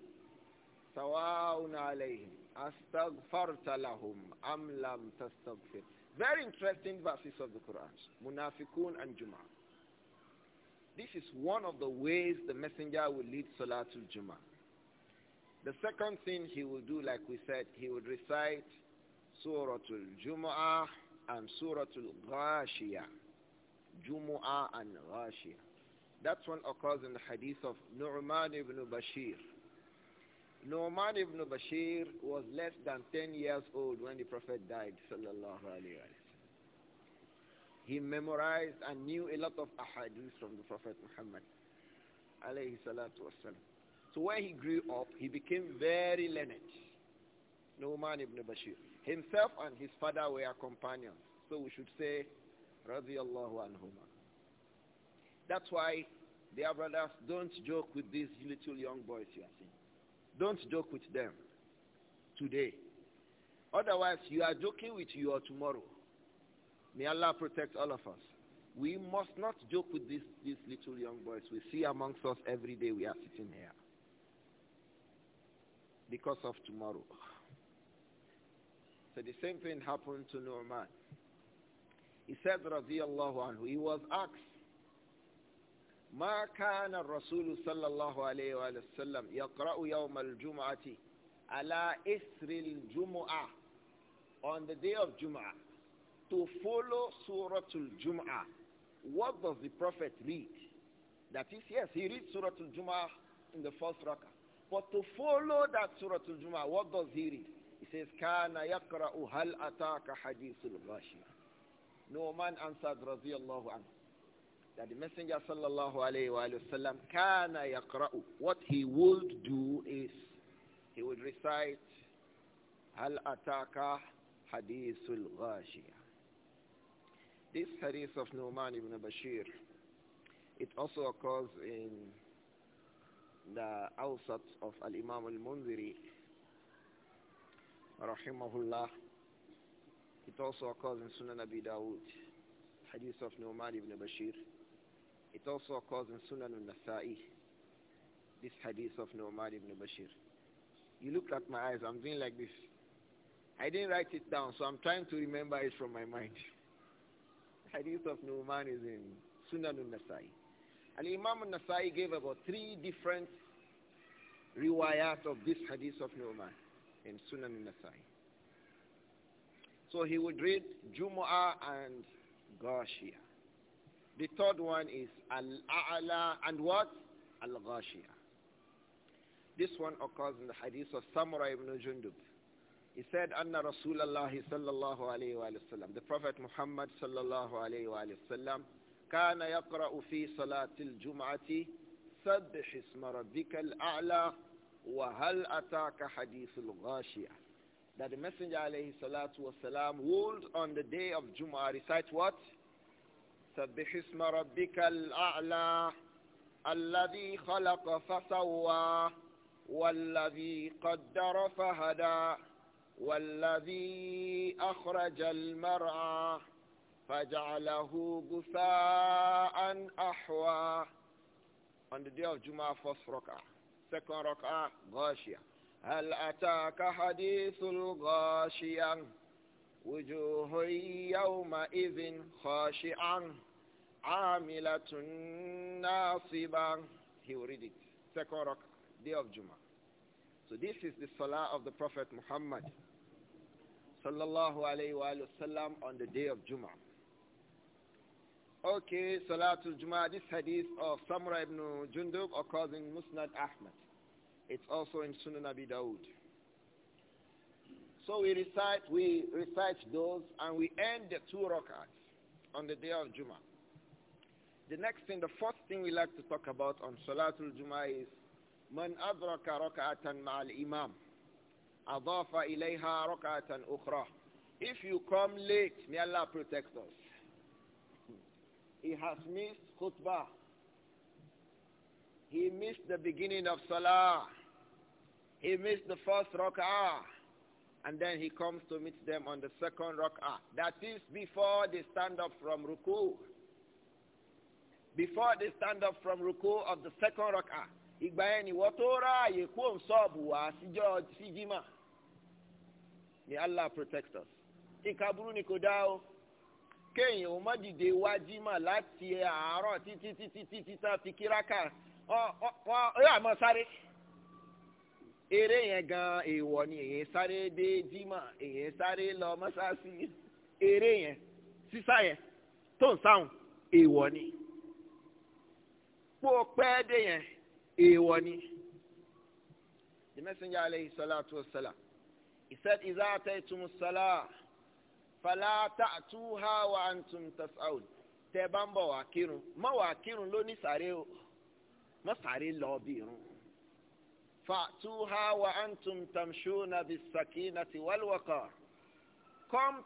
سَوَاءٌ عَلَيْهِمْ أَسْتَغْفَرْتَ لَهُمْ أَمْ لَمْ تَسْتَغْفِرْ Very interesting verses of the Quran. Munafikun and Jum'ah. This is one of the ways the messenger will lead Salatul Jum'ah. The second thing he will do, like we said, he would recite Suratul Juma and Suratul Ghashiyah. Juma and Ghashiyah. That's one occurs in the hadith of Nu'man ibn Bashir. Nu'man ibn Bashir was less than 10 years old when the Prophet died, sallallahu alayhi wa He memorized and knew a lot of ahadith from the Prophet Muhammad, alayhi salatu wasalam. So when he grew up, he became very learned. Nu'man ibn Bashir. Himself and his father were companions. So we should say, radiyallahu anhumah. That's why, the brothers, don't joke with these little young boys you are seeing. Don't joke with them today. Otherwise, you are joking with your tomorrow. May Allah protect all of us. We must not joke with these, these little young boys we see amongst us every day we are sitting here. Because of tomorrow. So the same thing happened to Nu'man. He said, radiallahu anhu, he was asked ما كان الرسول صلى الله عليه وسلم يقرأ يوم الجمعة على إسر الجمعة on the day of Jum'ah to follow Surah Al-Jum'ah what does the prophet read that is yes he reads Surah Al-Jum'ah in the first rakah but to follow that Surah Al-Jum'ah what does he read he says كَانَ يَقْرَأُ هَلْ ataka hadithul ghashiyah no man answered radiyallahu anhu that the Messenger sallallahu alayhi wa sallam kana yaqra'u. What he would do is he would recite Al ataka hadithul ghashiyah. This hadith of Nu'man ibn Bashir, it also occurs in the Awsat of Al-Imam al-Munziri, rahimahullah. It also occurs in Sunan Abi Dawud, hadith of Nu'man ibn Bashir. It also occurs in Sunan al-Nasa'i, this hadith of Nu'man ibn Bashir. You looked at my eyes, I'm doing like this. I didn't write it down, so I'm trying to remember it from my mind. [laughs] hadith of Nu'man is in Sunan al-Nasa'i. And Imam al-Nasa'i gave about three different riwayat of this hadith of Nu'man in Sunan al-Nasa'i. So he would read Jumu'ah and Ghashiyah. The third one is Al-A'la and what? Al-Ghashiyah. This one occurs in the hadith of Samurai ibn Jundub. He said, Anna Rasulallah sallallahu alayhi wa sallam. The Prophet Muhammad sallallahu alayhi wa sallam. كان يقرأ في صلاة الجمعة سبح اسم ربك الأعلى وهل أتاك حديث الغاشية That the Messenger alayhi salatu wasalam would on the day of Jum'ah recite what? سبح اسم ربك الأعلى الذي خلق فسوى والذي قدر فهدى والذي أخرج المرعى فجعله غثاء أحوى On the day of Juma, first rak'ah. Second rak'ah, Ghashiyah. هل أتاك حديث الغاشية وجوه يومئذ خاشعا عاملة ناصبا He will read it. Second rock, day of Jummah. So this is the salah of the Prophet Muhammad sallallahu alayhi wa sallam on the day of Juma. Okay, Salatul Juma. this hadith of Samurai ibn Jundub occurs in Musnad Ahmad. It's also in Sunan Abi Dawud. So we recite, we recite those and we end the two rakats on the day of Juma. The next thing, the first thing we like to talk about on Salatul Juma is من أدرك ركعة مع الإمام أضاف إليها ركعة أخرى If you come late, may Allah protect us. He has missed khutbah. He missed the beginning of salah. He missed the first rak'ah and then he comes to meet them on the second rak'ah. That is before they stand up from ruku. Before they stand up from ruku of the second rak'ah. Ìgbà yẹn ni wọ́n wá síjímà. May Allah protect us. Ìkàbúrú ni kò dá o. Kéèyàn ò má dìde wá jímà láti àárọ̀ títí títí títí tá a fi kíráka. Ó yà mọ́ sáré. eré yẹn gan èèwọ̀ ni èyàn sáré dé jimá èyàn sáré lọ mọ́sáàsì eré yẹn sísá yẹn tó ń sáhùn èèwọ̀ ni kó pẹ́ dé yẹn èèwọ̀ ni. the messenger alayhi salatu wa salam said fala wa antum bá ń bọ̀ wá kírun wá kírun sáré o lọ bí Come to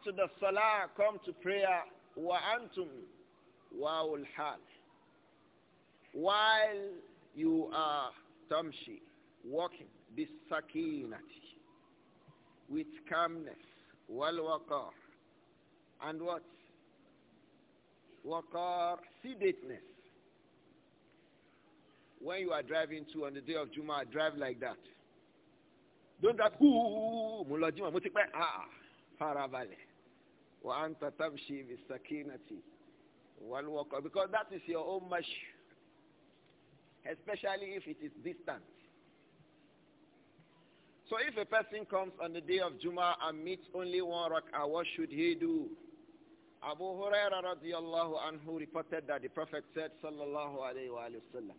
the salah, come to prayer, وَأَنْتُمْ وَاوُ hal While you are tamshi, walking, بِالسَّكِينَةِ With calmness, وَالْوَقَارِ And what? Waqar, sedateness when you are driving to on the day of Juma, drive like that. Don't drive, ooh, Juma, mo ah, Faravale Wa anta tamshi bi One Wal because that is your own mash. Especially if it is distant. So if a person comes on the day of Juma and meets only one rak'ah, what should he do? Abu Huraira radiallahu anhu reported that the Prophet said, sallallahu alayhi wa sallam,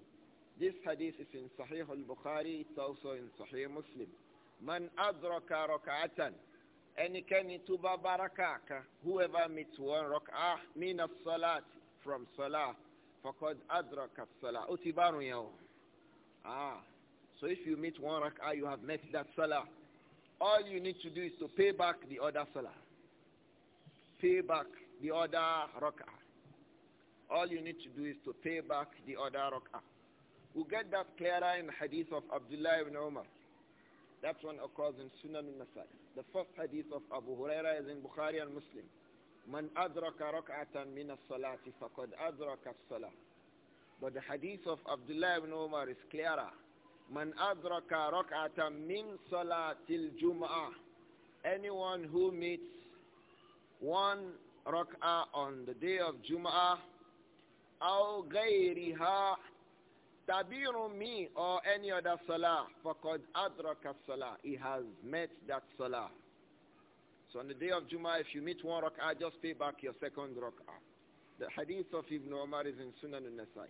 this hadith is in Sahih al-Bukhari, it's also in Sahih Muslim. Man adraka rak'atan, Any kani tuba baraka whoever meets one rak'ah min salat from salah, faqad adraka as-salah. Ó ti Ah, so if you meet one rak'ah, you have met that salah. All you need to do is to pay back the other salah. Pay back the other rak'ah. All you need to do is to pay back the other rak'ah. We'll get that clearer in the hadith of Abdullah ibn Umar. That one occurs in Sunan al-Nasai. The first hadith of Abu Huraira is in Bukhari and Muslim. Man adraka rak'atan min as-salati fakad adraka as But the hadith of Abdullah ibn Umar is clearer. Man adraka rak'atan min salatil jum'ah. Anyone who meets one rak'ah on the day of Jum'ah, aw ghayriha Tabiru me or any other salah, faqad adraka salah. He has met that salah. So on the day of Jummah, if you meet one rak'ah, just pay back your second rak'ah. The hadith of Ibn Omar is in Sunan al-Nasai.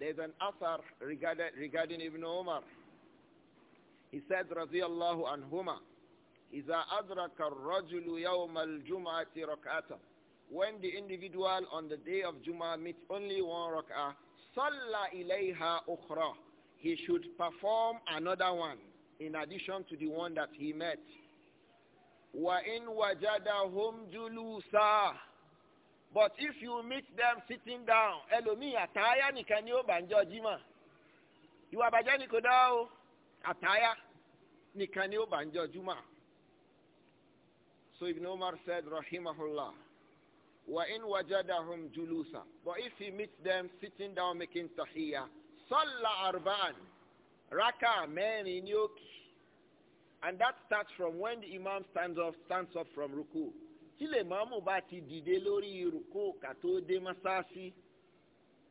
There's an athar regarding, regarding Ibn Omar. He said, اللَّهُ عَنْهُمَا إِذَا أَدْرَكَ الرَّجُلُ يَوْمَ الْجُمْعَةِ رَكْعَةً When the individual on the day of Jummah meets only one rak'ah, Salla ilayha ukhra. He should perform another one in addition to the one that he met. Wa in wajadahum julusa. But if you meet them sitting down, ẹlòmíì àtàyà nìkan ni ó bàjọ́ jimá. Ìwà àbàjẹ́ ni kò dá o. Àtàyà nìkan ni ó bàjọ́ jumá. So Ibn Omar said, Rahimahullah. وإن وجدهم جلوسا. But if he meets them sitting down making tahiyya, صَلَّى أَرْبَعًا ركع mẹ́rin ni And that starts from when the imam stands up, stands up from ruku. Tí lè máàmù bá ti dìde lórí ruku kà tó dé mọ́sáàsì.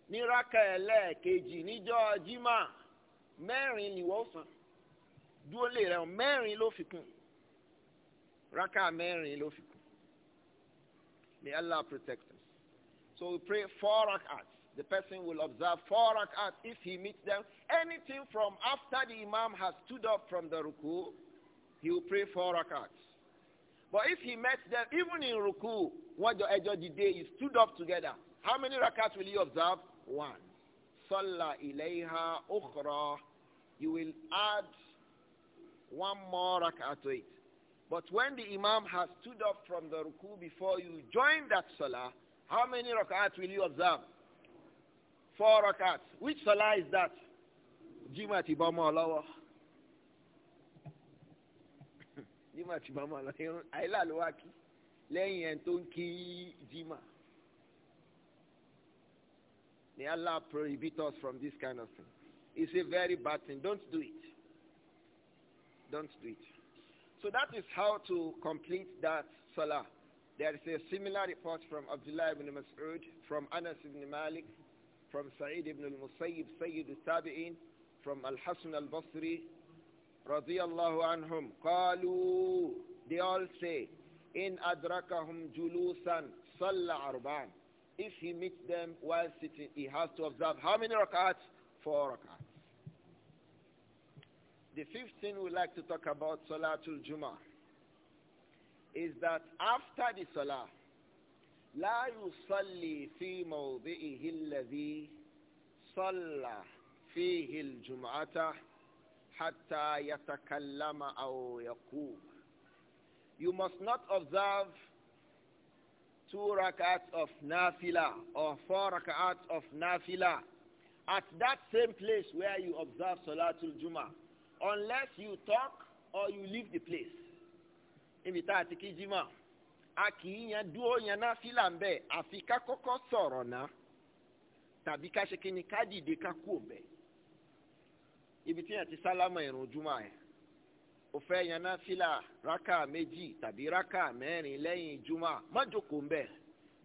Ní raka ẹlẹ́ẹ̀kejì níjọ́ jimá mẹ́rin ni wọ́n sàn. Dúró lè rẹ̀ mẹ́rin ló fi kún. Raka mẹ́rin ló fi kún. May Allah protect us. So we pray four rak'at. The person will observe four rak'at if he meets them. Anything from after the imam has stood up from the ruku, he will pray four rak'at. But if he met them, even in ruku, what the edge of the day is stood up together, how many rak'at will you observe? One. Salla ilayha ukhra. You will add one more rak'at to it. But when the imam has stood up from the ruku before you join that salah, how many rak'at will you observe? Four rak'at. Which salah is that? Jima tibama alawa. [laughs] Jima tibama alawa. Àìlà ló wá kí kí Jima. May Allah prohibit us from this kind of thing. It's a very bad thing. Don't do it. Don't do it. So that is how to complete that salah. There is a similar report from Abdullah ibn Mas'ud, from Anas ibn Malik, from Sa'id ibn al-Musayyib, Sayyid al-Tabi'in, from Al-Hasan al-Basri, radiyallahu anhum, qalu, they all say, in adrakahum julusan salla arba'an. If he meets them while sitting, he has to observe how many rak'ats? Four rak'ats. The fifth thing we like to talk about Salatul Jummah is that after the Salah, لا يصلي في موضعه الذي صلى فيه الجمعة حتى يتكلم أو يقوم. You must not observe two rak'ats of nafila or four rak'ats of nafila at that same place where you observe Salatul Jummah unless you talk or you leave the place. Níbi tá a ti kí Jimá, a kì í yan dúró yan náà fílà ń bẹ̀ àfi ká kọ́kọ́ sọ̀rọ̀ náà tàbí ká ṣe kíni ká dìde ká kú òun bẹ̀. Ibi tí yàn ti sálámà ìrùn Jumá yẹn. O fẹ́ yan náà fílà rákà méjì tàbí rákà mẹ́rin lẹ́yìn Jumá. Má jókòó ń bẹ̀.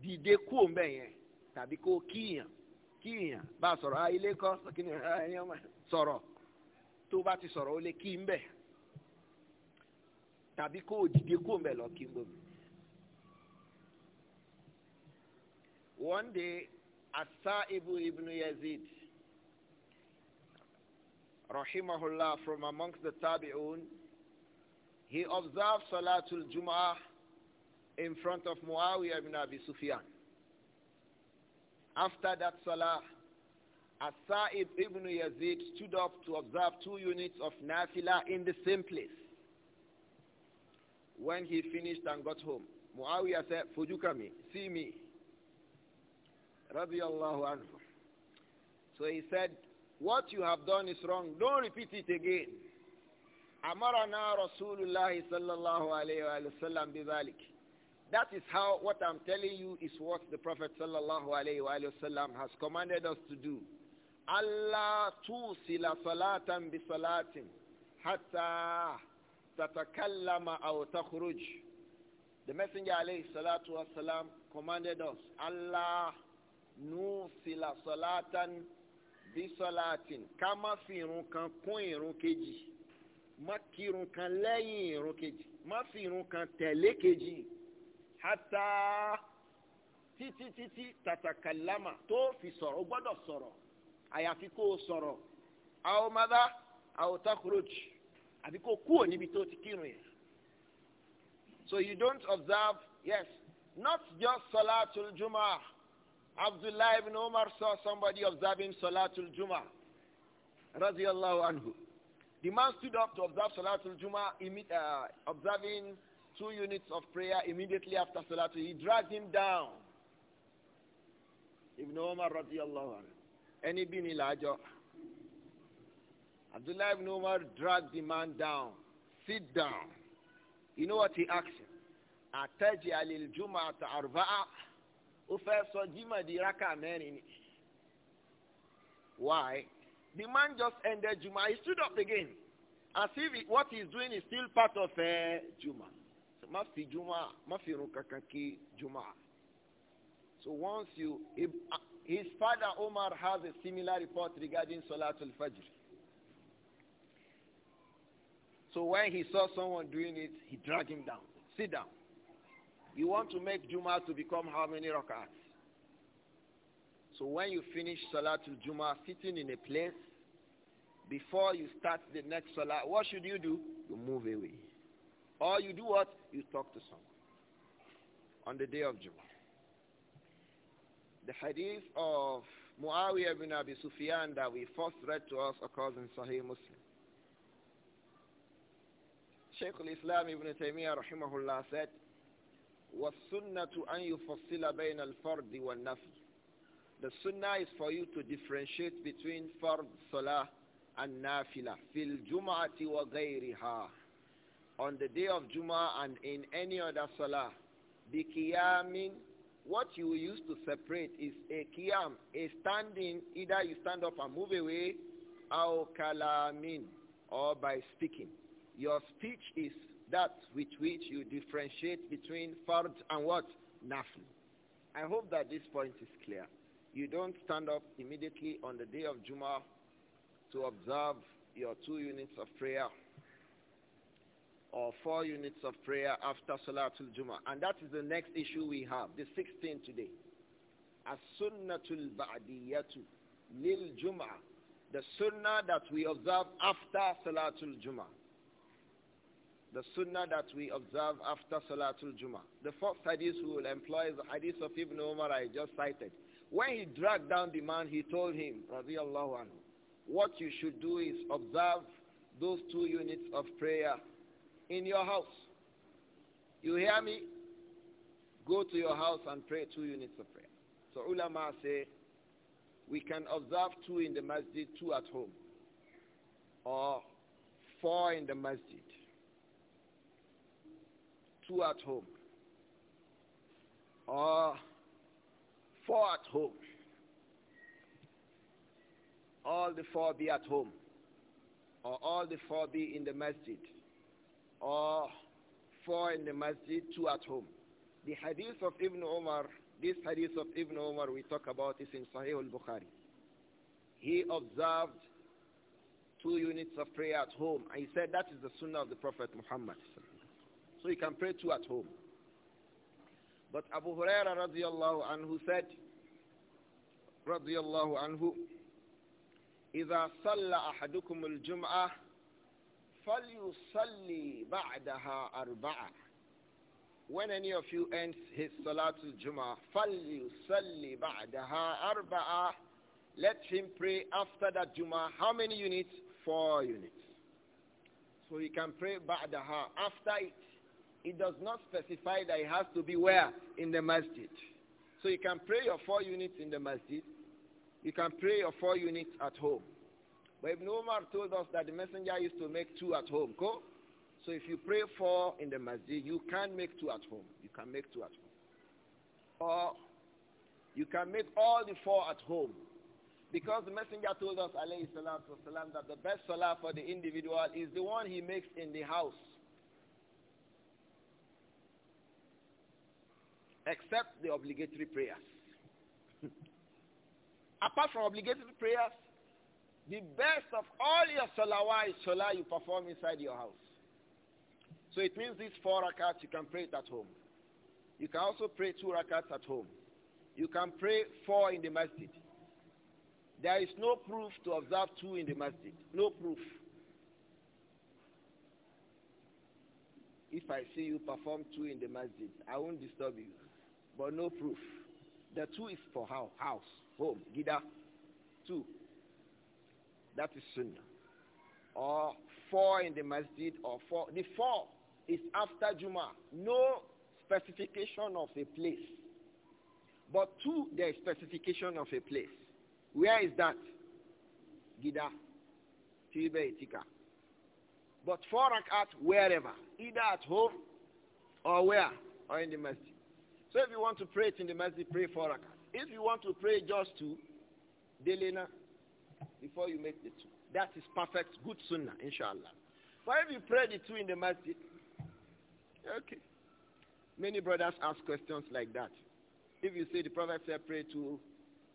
Dìde kú òun yẹn tàbí kó kíyàn kíyàn bá sọ̀rọ̀ ilé kọ́ sọ̀rọ̀ tó bá ti sọ̀rọ̀ ó lè kí n bẹ̀ tàbí kó o dìde kó o bẹ̀ lọ kí n One day, Asaibu ibn Yazid, rahimahullah, from amongst the Tabi'un, he observed Salatul Jum'ah in front of Muawiyah ibn Abi Sufyan. After that Salah, as ibn Yazid stood up to observe two units of nafila in the same place. When he finished and got home, Muawiyah said, Fujukami, see me. Radiallahu anhu. So he said, what you have done is wrong. Don't repeat it again. Amarana Rasulullah sallallahu alayhi wa bivalik. That is how what I'm telling you is what the Prophet sallallahu alayhi wa sallam has commanded us to do. alla tusila salatan bi salatin hatta tatakallama aw takhruj the messenger alayhi salatu wasalam commanded us allah nusila salatan bi salatin ká má fi irun kan kún irun kejì má kírun kan lẹ́yìn irun kejì má fi irun kan tẹ̀lé kejì hatta títí títí tatakalama tó fi sọ̀rọ̀ ó gbọ́dọ̀ àyàfi kó o sọ̀rọ̀ àwọn mọ́dá àwọn takurojì àbí kó o kúrò níbi tó ti kírun yẹn. So you don't observe, yes, not just Salatul Jum'ah. Abdullah ibn Umar saw somebody observing Salatul Jum'ah. Radiallahu anhu. The man stood up to observe Salatul Jum'ah, uh, observing two units of prayer immediately after Salatul. He dragged him down. Ibn Umar radiallahu anhu ẹni bí ni làájọ. Abdullah ibn Umar dragged the man down. Sit down. You know what he asked him? Àtẹ̀jì àlèjúmọ̀ àtà àrùbáà. Ó sọ Jimá di rákà mẹ́rin Why? The man just ended Juma. He stood up again. As if what he's doing is still part of uh, eh, Juma. So, má fi Juma, má fi irun Juma. So once you, uh, his father Omar has a similar report regarding Salatul Fajr. So when he saw someone doing it, he dragged him down. Sit down. You want to make Juma to become how many rakats? So when you finish Salatul Juma, sitting in a place, before you start the next Salat, what should you do? You move away. Or you do what? You talk to someone on the day of Juma. The hadith of Muawiyah ibn Abi Sufyan that we first read to us occurs in Sahih Muslim. Shaykh al-Islam ibn Taymiyyah rahimahullah said, وَالسُنَّةُ أَن يُفَصِّلَ بَيْنَ الْفَرْدِ وَالنَّفْلِ The sunnah is for you to differentiate between fard salah and nafila fil jum'ati wa on the day of Jummah and in any other salah biqiyamin what you use to separate is a qiyam, a standing, either you stand up and move away, or kalamin, or by speaking. Your speech is that with which you differentiate between fard and what? Nafl. I hope that this point is clear. You don't stand up immediately on the day of Jummah to observe your two units of prayer or four units of prayer after Salatul Juma. And that is the next issue we have, the 16th today. As-sunnatul ba'diyatu lil Juma. The sunnah that we observe after Salatul Juma. The sunnah that we observe after Salatul Juma. The fourth hadith we will employ is the hadith of Ibn Umar I just cited. When he dragged down the man, he told him, anhu, what you should do is observe those two units of prayer in your house. You hear me? Go to your house and pray two units of prayer. So ulama say, we can observe two in the masjid, two at home, or four in the masjid, two at home, or four at home. All the four be at home, or all the four be in the masjid or four in the masjid, two at home. The hadith of Ibn Umar, this hadith of Ibn Umar we talk about is in Sahih al-Bukhari. He observed two units of prayer at home. And he said that is the sunnah of the Prophet Muhammad. So you can pray two at home. But Abu Huraira radiallahu anhu said, radiallahu anhu, إذا صلى أحدكم الجمعة فَلْيُصَلِّي بَعْدَهَا أَرْبَعَةً When any of you ends his Salatul Jummah, فَلْيُصَلِّي بَعْدَهَا أَرْبَعَةً Let him pray after that Jummah. How many units? Four units. So he can pray ba'daha, after it. It does not specify that it has to be where? In the masjid. So you can pray your four units in the masjid. You can pray your four units at home. But Ibn Umar told us that the messenger used to make two at home. Go. So if you pray four in the masjid, you can make two at home. You can make two at home. Or you can make all the four at home. Because the messenger told us, alayhi salatu wasalam, that the best salah for the individual is the one he makes in the house. Except the obligatory prayers. [laughs] Apart from obligatory prayers, the best of all your salawah is salah you perform inside your house. So it means these four rakats, you can pray it at home. You can also pray two rakats at home. You can pray four in the masjid. There is no proof to observe two in the masjid. No proof. If I see you perform two in the masjid, I won't disturb you. But no proof. The two is for how? House, home, gida, two. That is sunnah. Or four in the masjid or four. The four is after Juma. No specification of a place. But two, there is specification of a place. Where is that? Gida. Tibe Itika. But four rakat wherever. Either at home or where? Or in the masjid. So if you want to pray it in the masjid, pray four rakat. If you want to pray just two, delena before you make the two. That is perfect, good sunnah, inshallah. But if you pray the two in the masjid, okay. Many brothers ask questions like that. If you say the Prophet said pray two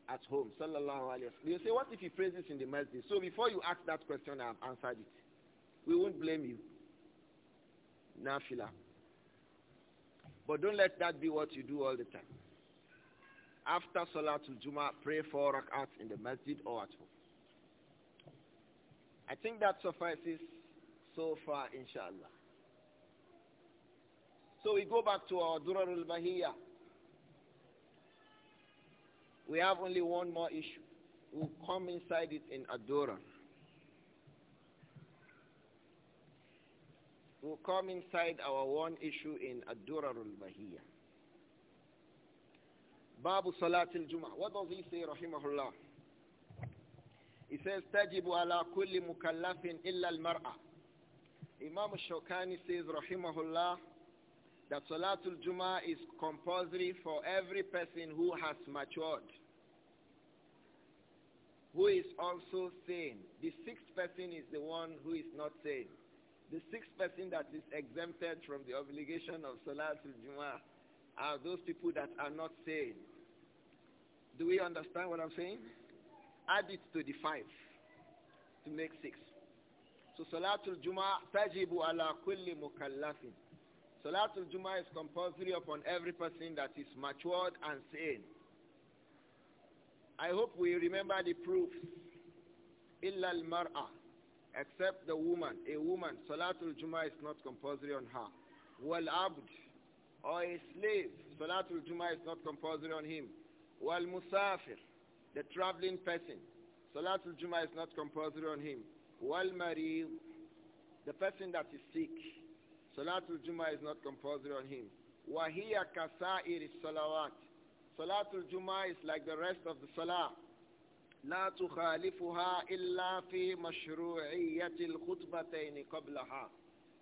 at home, sallallahu alayhi wa You say, what if he prays this in the masjid? So before you ask that question, I have answered it. We won't blame you. Nafila. But don't let that be what you do all the time. After Salatul Juma, pray four rak'ats in the masjid or at home. I think that suffices so far, inshallah. So we go back to our Durarul Bahiyya. We have only one more issue. We'll come inside it in Adura. We'll come inside our one issue in Adurarul Bahiyya. Babu Salatul Juma. What does he say, Rahimahullah? He says, ala kulli mukallafin illa al-Mar'a." Imam Shawkani says, rahimahullah, that Salatul Jummah is compulsory for every person who has matured, who is also sane. The sixth person is the one who is not sane. The sixth person that is exempted from the obligation of Salatul Jummah are those people that are not sane. Do we understand what I'm saying? add it to the five to make six. So Salatul Jum'ah tajibu ala kulli mukallafin. Salatul is compulsory upon every person that is matured and sane. I hope we remember the proof. Illa al-mar'a. Except the woman. A woman. Salatul Jum'ah is not compulsory on her. Wal abd. Or a slave. Salatul Jum'ah is not compulsory on him. Wal musafir the traveling person. Salatul Juma is not compulsory on him. Wal Marid, the person that is sick. Salatul Juma is not compulsory on him. Wahiya Kasa'ir is Salawat. Salatul Juma is like the rest of the Salah. لا تخالفها إلا في مشروعية الخطبتين قبلها.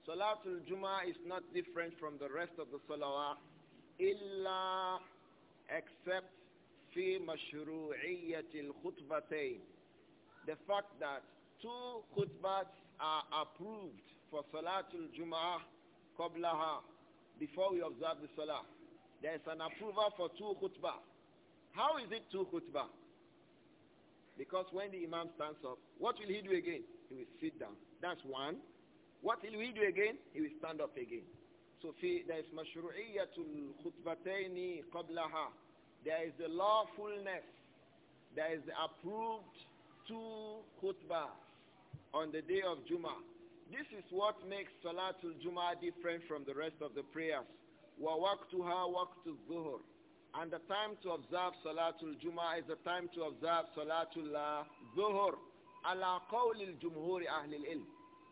Salatul Juma is not different from the rest of the Salawat. إلا except في مشروعية الخطبتين the fact that two khutbats are approved for Salatul Jum'ah qablaha before we observe the Salah there is an approval for two khutbah how is it two khutbah because when the Imam stands up what will he do again he will sit down that's one what will he do again he will stand up again so there is مشروعية الخطبتين قبلها there is the lawfulness. There is the approved two khutbah on the day of Juma. This is what makes Salatul Juma different from the rest of the prayers. Wa waqtuha waqtu zuhur. And the time to observe Salatul Juma is the time to observe Salatul Zuhur. Ala qawlil jumhuri ahlil ilm.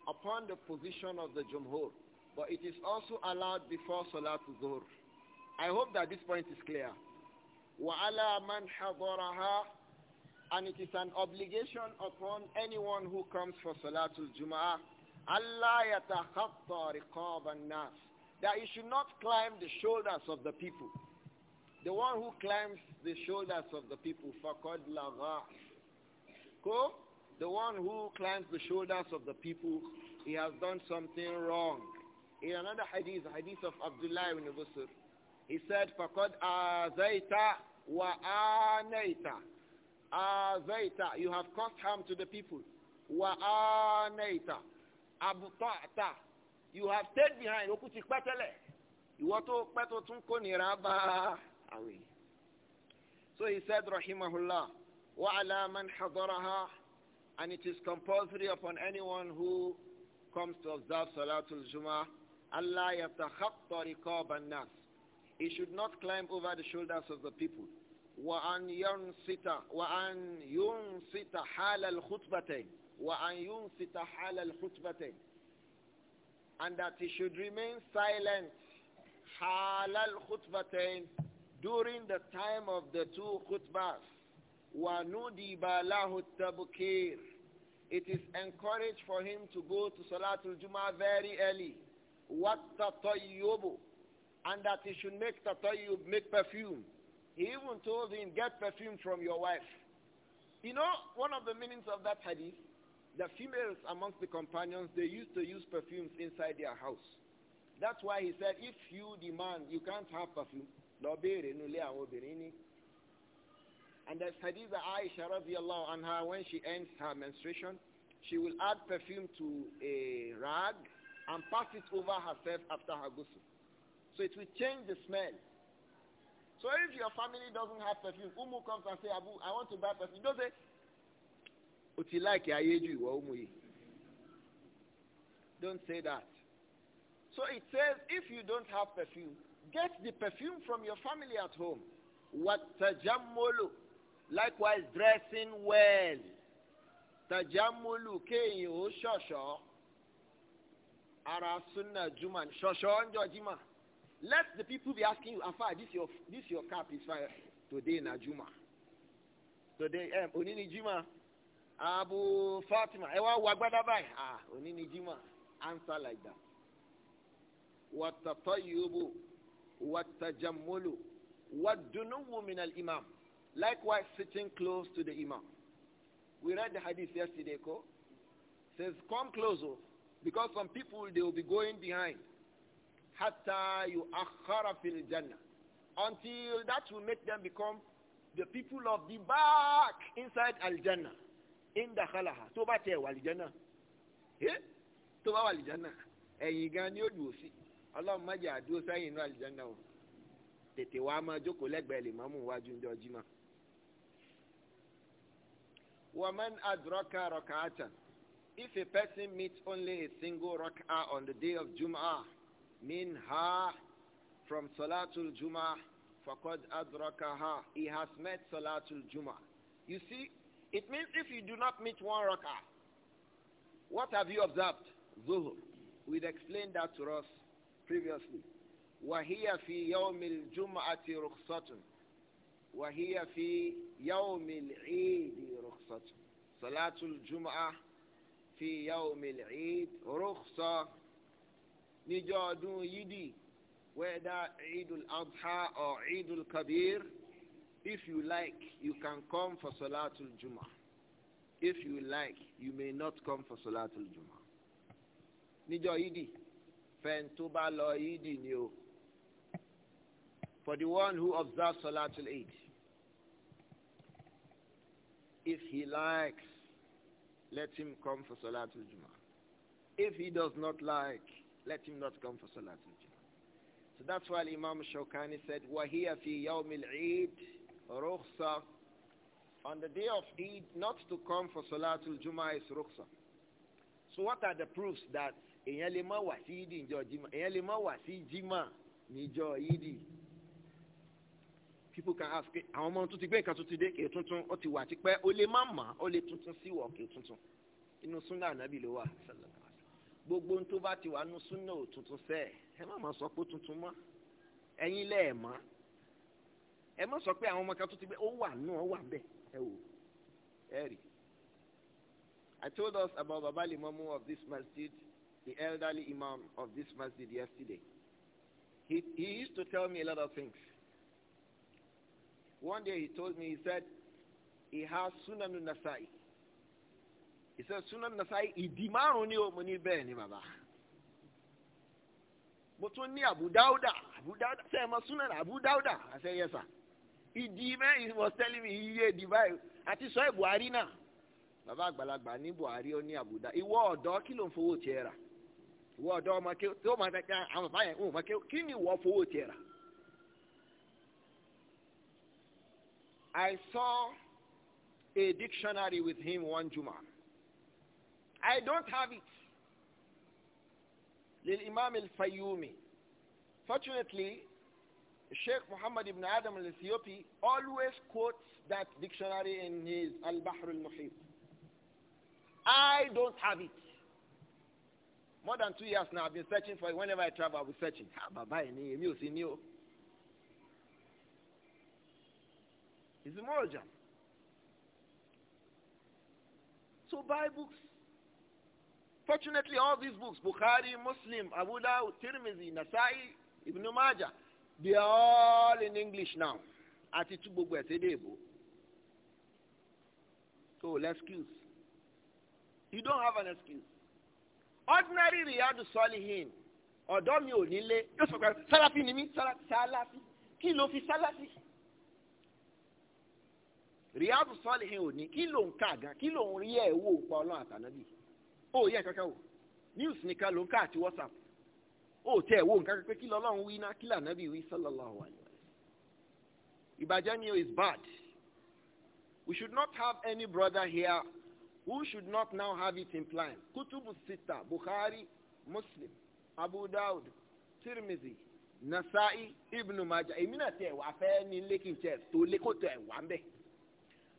Upon the position of the jumhur. But it is also allowed before Salatul Zuhur. I hope that this point is clear. وَعَلَى مَنْ حَضَرَهَا And it is an obligation upon anyone who comes for Salatul Jum'ah Allah يَتَخَطَّ رِقَابَ النَّاسِ That he should not climb the shoulders of the people. The one who climbs the shoulders of the people, فَقَدْ لَغَى Go, the one who climbs the shoulders of the people, he has done something wrong. In another hadith, hadith of Abdullah ibn Busr, he said, "Azaita wa وَآنَيْتَ Azaita, You have caused harm to the people. Wa abu أَبْطَعْتَ You have stayed behind. Ó kú ti pẹ́ tẹ́lẹ̀. Ìwọ tó pẹ́ tó nira bá àwẹ̀. So he said, rahimahullah, وَعَلَى مَنْ حَضَرَهَا And it is compulsory upon anyone who comes to observe Salatul Jummah, Allah يَتَخَطَّ al النَّاسِ he should not climb over the shoulders of the people. وأن ينصت وأن ينصت حال الخطبتين وأن ينصت حال الخطبتين and that he should remain silent حال الخطبتين during the time of the two khutbahs وندب له التبكير it is encouraged for him to go to Salatul Jummah very early والتطيب and that he should make tatayyub, make perfume. He even told him, get perfume from your wife. You know, one of the meanings of that hadith, the females amongst the companions, they used to use perfumes inside their house. That's why he said, if you demand, you can't have perfume. And that's hadith that Aisha radiallahu anha, when she ends her menstruation, she will add perfume to a rag and pass it over herself after her ghusl. So it will change the smell. So if your family doesn't have perfume, Umu comes and say, Abu, I want to buy perfume. Don't say, Utilaki ayeju wa umui. Don't say that. So it says, if you don't have perfume, get the perfume from your family at home. Watajammulu. Likewise, dressing well. Tajammulu keyin o shosho. Ara sunna juman. Shosho onjo jima. Let the people be asking you, Afa, this your this your cap is fire today in Ajuma. Today, um, eh, Onini Juma, Abu Fatima, Ewa Wagbadabai, ah, Onini Juma. Answer like that. What do no woman al-imam. Likewise, sitting close to the imam. We read the hadith yesterday, ko? Says, come closer. Oh, because some people, they will be going behind hatta yu'akhkhara fil jannah until that will make them become the people of the back inside al-jannah in the khalaha tó bá tẹ̀ wà al-jannah tó wal wà al-jannah ẹ̀yìn gan ni ó dùn sí ọlọ́run má jẹ́ àdúró sẹ́yìn inú al-jannah o tètè wàá máa jókòó lẹ́gbẹ̀ẹ́ lè wa maa mú wájú ń dọ́jú mọ́. ومن أدرك ركعة If a person meets only a single rak'ah on the day of Jum'ah minha from Salatul Jum'ah faqad adrakaha. He has met Salatul Jum'ah. You see, it means if you do not meet one rak'ah, what have you observed? Zuhur. We'd explained that to us previously. وهي في يوم الجمعة رخصة وهي في يوم العيد رخصة صلاة الجمعة في يوم العيد رخصة níjọ́ ọdún yídì whether Eidul Adha or Eidul Kabir if you like you can come for Salatul Jummah if you like you may not come for Salatul Jummah níjọ́ yídì fẹ́ni tó bá ni o for the one who observes Salatul Eid if he likes let him come for Salatul Jummah if he does not like let him not come for Salatul Jum'ah. So that's why Imam Shawkani said, وَهِيَ فِي يَوْمِ الْعِيدِ رُخْصَةً On the day of Eid, not to come for Salatul Jum'ah is rukhsa. So what are the proofs that èèyàn lè má wà sí ìdí ìjọ people can ask àwọn ọmọ tó gbé nǹkan ti dé kè tuntun ó ti wà tipẹ́ ó lè má mà ó lè tuntun sí tuntun inú ànábì ló wà gbogbo bá ti wà nù súnà tuntun sẹ́ ẹ má má sọ pé tuntun mọ́ ẹ̀yin ẹ má sọ pé àwọn ọmọ kan tó ti gbé ó wà nù ó wà ẹ wò ẹ rí. I told us about Babali Mamu of this masjid, the elderly imam of this masjid yesterday. He, he used to tell me a lot of things. One day he told me, he said, he has Sunan Nasai. ìṣe sunan nasai ìdí márùn ni o mo ní bẹ́ẹ̀ ni bàbá mo tún ní abu dauda abu dauda ṣe é ma sunan abu dauda àṣẹ yẹ sà ìdí mẹ́rin was telling me iye ìdí báyìí àti sọ buhari náà bàbá àgbàlagbà ní buhari ó ní abu dauda ìwọ ọ̀dọ́ kí ló ń fowó tiẹ̀ rà ìwọ ọ̀dọ́ ọmọ kí tó máa tẹ àwọn bàbá yẹn ń mọ kí ni ìwọ fowó tiẹ̀ rà. I saw a dictionary with him one Juma. I don't have it. للإمام الفيومي. Fortunately, Sheikh Muhammad ibn Adam al-Ethiopi always quotes that dictionary in his Al-Bahr al-Muhit. I don't have it. More than two years now, I've been searching for it. Whenever I travel, I'll be searching. Ah, it's a moral jam. So buy books. Fortunately, all these books, Bukhari, Muslim, Abu Dawud, Tirmizi, Nasai, Ibn Majah, they are all in English now. Ati tu gbogbo ẹ̀ sédè èbó. So let's excuse. You don't have an excuse. Ordinary Riyadu Solihin, ọ̀dọ́ mi ò nílé, yóò sọ pé Sálàfí ni mí, Sálàfí, kí ló fi Sálàfí? Riyadu Solihin ò ní, kí ló ń kà gan, kí ló ń rí ẹ̀ wò pa Ọlọ́run àtànábì? ó oh, yẹ kankan wò oh. news nìkan ló ń ká àti whatsapp ó oh, tẹ̀ wò nǹkan pé kí lọ́lọ́run wí ná kí lànàbí wí sallallahu alayhi wa ìbàjẹ́ ni is bad we should not have any brother here who should not now have it in kutubu sita bukhari muslim abu dawud tirmizi nasai ibn maja èmi náà tẹ wà fẹ ní lẹkìn chef tó lẹkọtọ ẹ wà ń bẹ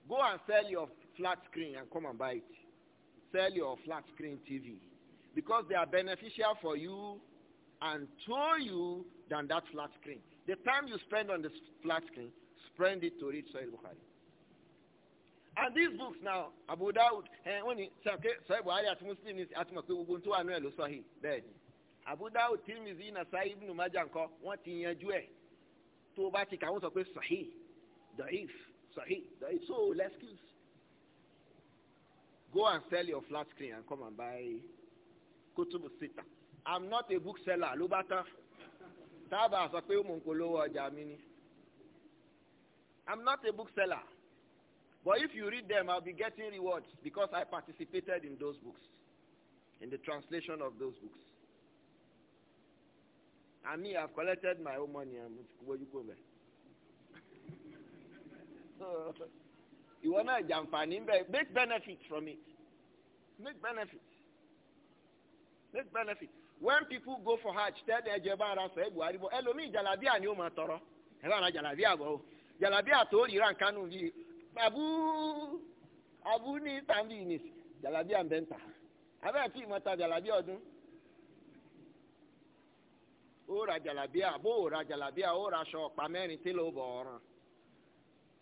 go and sell your flat screen and come and buy it sell your flat screen TV because they are beneficial for you and to you than that flat screen. The time you spend on the flat screen, spend it to read Sahih Bukhari. And these books now, Abu Dawud, eh, Sahih Bukhari at Muslim is at mọ̀ pé gbogbo tó wà ní ẹ̀ ló sọ yìí bẹ́ẹ̀ Abu Dawud Tirmidhi Nasai Ibn Majah ńkọ́ wọ́n ti yanjú tó o bá ti kà sahih, da'if, sahih, da'if, so less excuse. Go and sell your flat screen and come and buy Kutubusita. Sita. I'm not a bookseller, Lubata. Taba sọ pé ó mò ń ọjà mi ni. I'm not a bookseller. But if you read them, I'll be getting rewards because I participated in those books, in the translation of those books. And me, I've collected my own money. I'm, where you go, [laughs] man? you wanna jàǹfààní make benefit from it make benefit make benefit when people go for hajj tell them ẹjẹ bá ara sọ buhari bọ ni ó tọrọ ẹ bá ara jàlábíà bọ o jàlábíà tó ríra nǹkan nù bíi abu abu ní tàbí ní jàlábíà ń bẹ ń tà abẹ́rẹ́ tí ìmọ̀ ta jàlábíà ọdún ó ra jàlábíà bó ra jàlábíà ra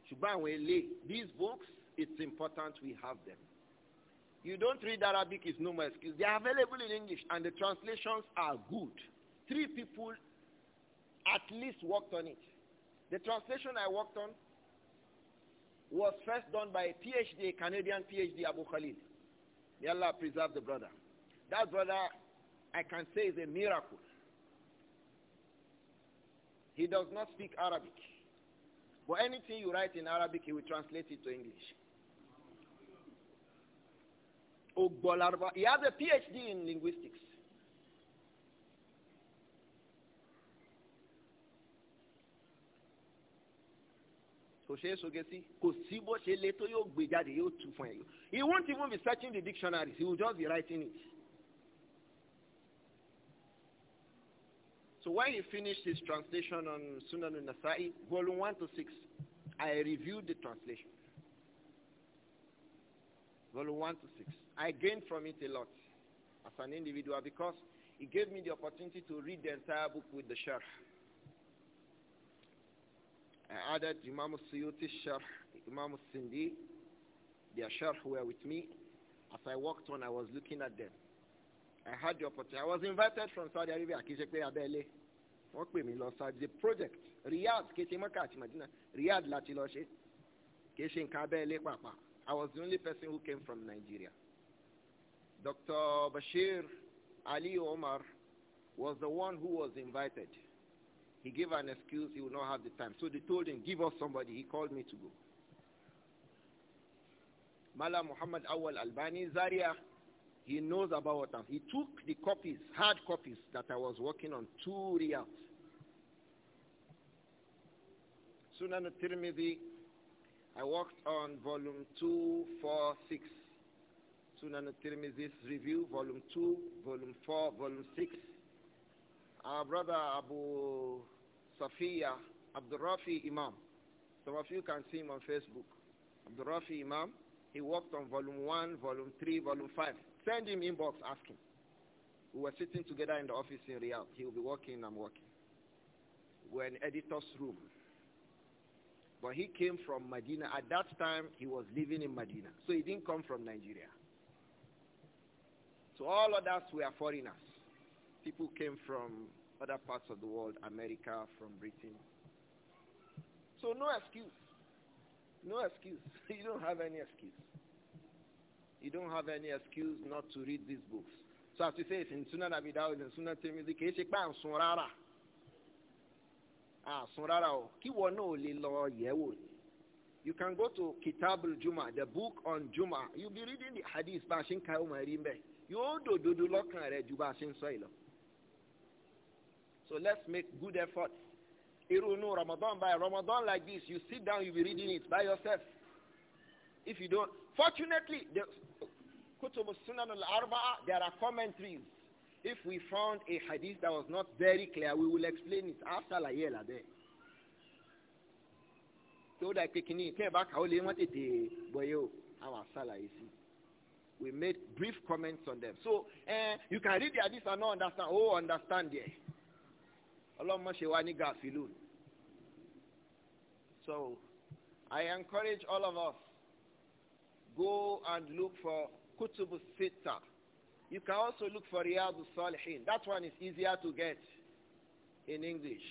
ṣùgbọ́n àwọn ilé these books it's important we have them. You don't read Arabic is no more excuse. They are available in English and the translations are good. Three people at least worked on it. The translation I worked on was first done by a PhD, a Canadian PhD, Abu Khalid. May Allah preserve the brother. That brother, I can say, is a miracle. He does not speak Arabic. But anything you write in Arabic, he will translate it to English. he has a PhD in linguistics. kò soge sí kò sí bó ṣe le tó yóò gbé jáde yóò tu fún ẹ he won't even be searching the dictionaries he will just be writing it. So when he finished his translation on Sunan al-Nasa'i, volume 1 to 6, I reviewed the translation. Volume 1 to 6. I gained from it a lot as an individual because it gave me the opportunity to read the entire book with the sharh. I added Imam al-Suyuti's sharh, Imam al-Sindi, their sharh were with me. As I walked on, I was looking at them. I had the opportunity. I was invited from Saudi Arabia, kì í ṣe pé abẹ́lé. Wọ́n pè mí lọ Saudi the project Riyadh kì í ṣe Mecca àti Medina Riyadh láti lọ ṣe kì í ṣe nǹkan abẹ́lé pàápàá. I was the only person who came from Nigeria. Dr. Bashir Ali Omar was the one who was invited. He gave an excuse he would not have the time. So they told him, give us somebody. He called me to go. Mala Muhammad Awal Albani, Zaria, he knows about what He took the copies, hard copies that I was working on, two reals. Sunan al-Tirmidhi, I worked on volume 246. Sunan al-Tirmidhi's review, volume 2, volume 4, volume 6. Our brother Abu Safiya, Abdul Rafi Imam. Some of you can see him on Facebook. Abdul Rafi Imam, he worked on volume 1, volume 3, volume 5. Send him inbox, ask him. We were sitting together in the office in Riyadh. He will be working, I'm working. We're in editor's room. But he came from Medina. At that time, he was living in Medina. So he didn't come from Nigeria. So all of us were foreigners. People came from other parts of the world, America, from Britain. So no excuse. No excuse. [laughs] you don't have any excuse. You don't have any excuse not to read these books. So as we say, it's in Sunan Abi Dawud and Sunan Tirmidhi, kì í ṣe pé à ń sun rárá. À sun rárá o. Kí wọ́n náà lè lọ yẹ̀wò ni. You can go to Kitabul Juma, the book on Juma. You'll be reading the hadith bá a ṣe ń ka ọmọ ẹ̀rí mbẹ́. Yóò dòdòdó lọ́kàn rẹ̀ ju bá a ṣe ń sọ ìlọ. So let's make good effort. Irú inú Ramadan by Ramadan like this, you sit down, you be reading it by yourself. If you don't, Fortunately, there are commentaries. If we found a hadith that was not very clear, we will explain it after la yela there. So that kekini ke ba boyo we made brief comments on them so uh, you can read the hadith and not understand oh understand there so i encourage all of us go and look for Kutub Sita. You can also look for Riyadu Salihin. That one is easier to get in English.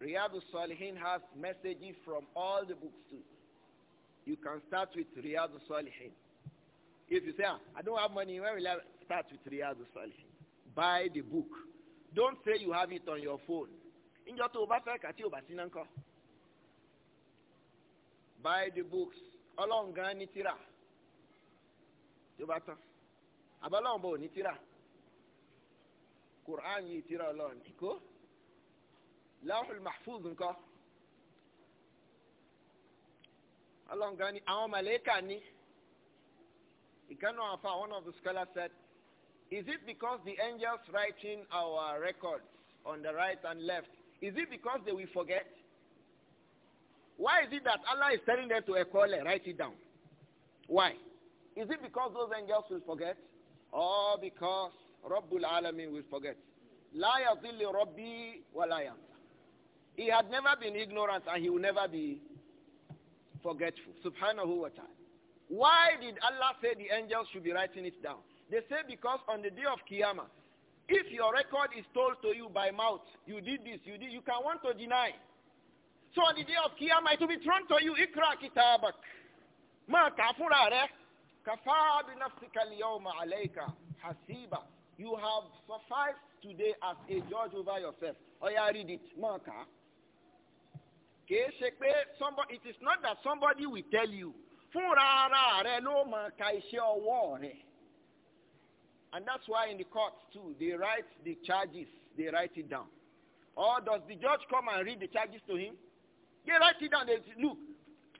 Riyadu Salihin has messages from all the books too. You can start with Riyadu Salihin. If you say, ah, I don't have money, where will I start with Riyadu Salihin? Buy the book. Don't say you have it on your phone. Buy the books ọlọ́run gan ní tíra tó bá tán àbọ̀lọ́run bò ní tíra quran yìí tíra ọlọ́run kó láwùjọ mahfuz nǹkan ọlọ́run gan ní àwọn màlẹ́kà ní ìkànnì àfa one of the scholars said is it because the angels writing our records on the right and left is it because they will forget. Why is it that Allah is telling them to recall and write it down? Why? Is it because those angels will forget? Or because Rabbul Alamin will forget? La yazilli Rabbi wa la He had never been ignorant and he will never be forgetful. Subhanahu wa ta'ala. Why did Allah say the angels should be writing it down? They say because on the day of Qiyamah, if your record is told to you by mouth, you did this, you did, you can want to deny. So on the day of Qiyamah, it will be thrown to you. Ikra kitabak. Ma kafurare, re. Kafa bi nafsika liyawma alayka hasiba. You have sufficed today as a judge over yourself. Oh, Oya read it. Ma ka. Somebody, it is not that somebody will tell you. Fúnra ara rẹ ló mọ ka iṣẹ́ ọwọ́ rẹ. And that's why in the court too, they write the charges, they write it down. Or does the judge come and read the charges to him? They write it down. They look,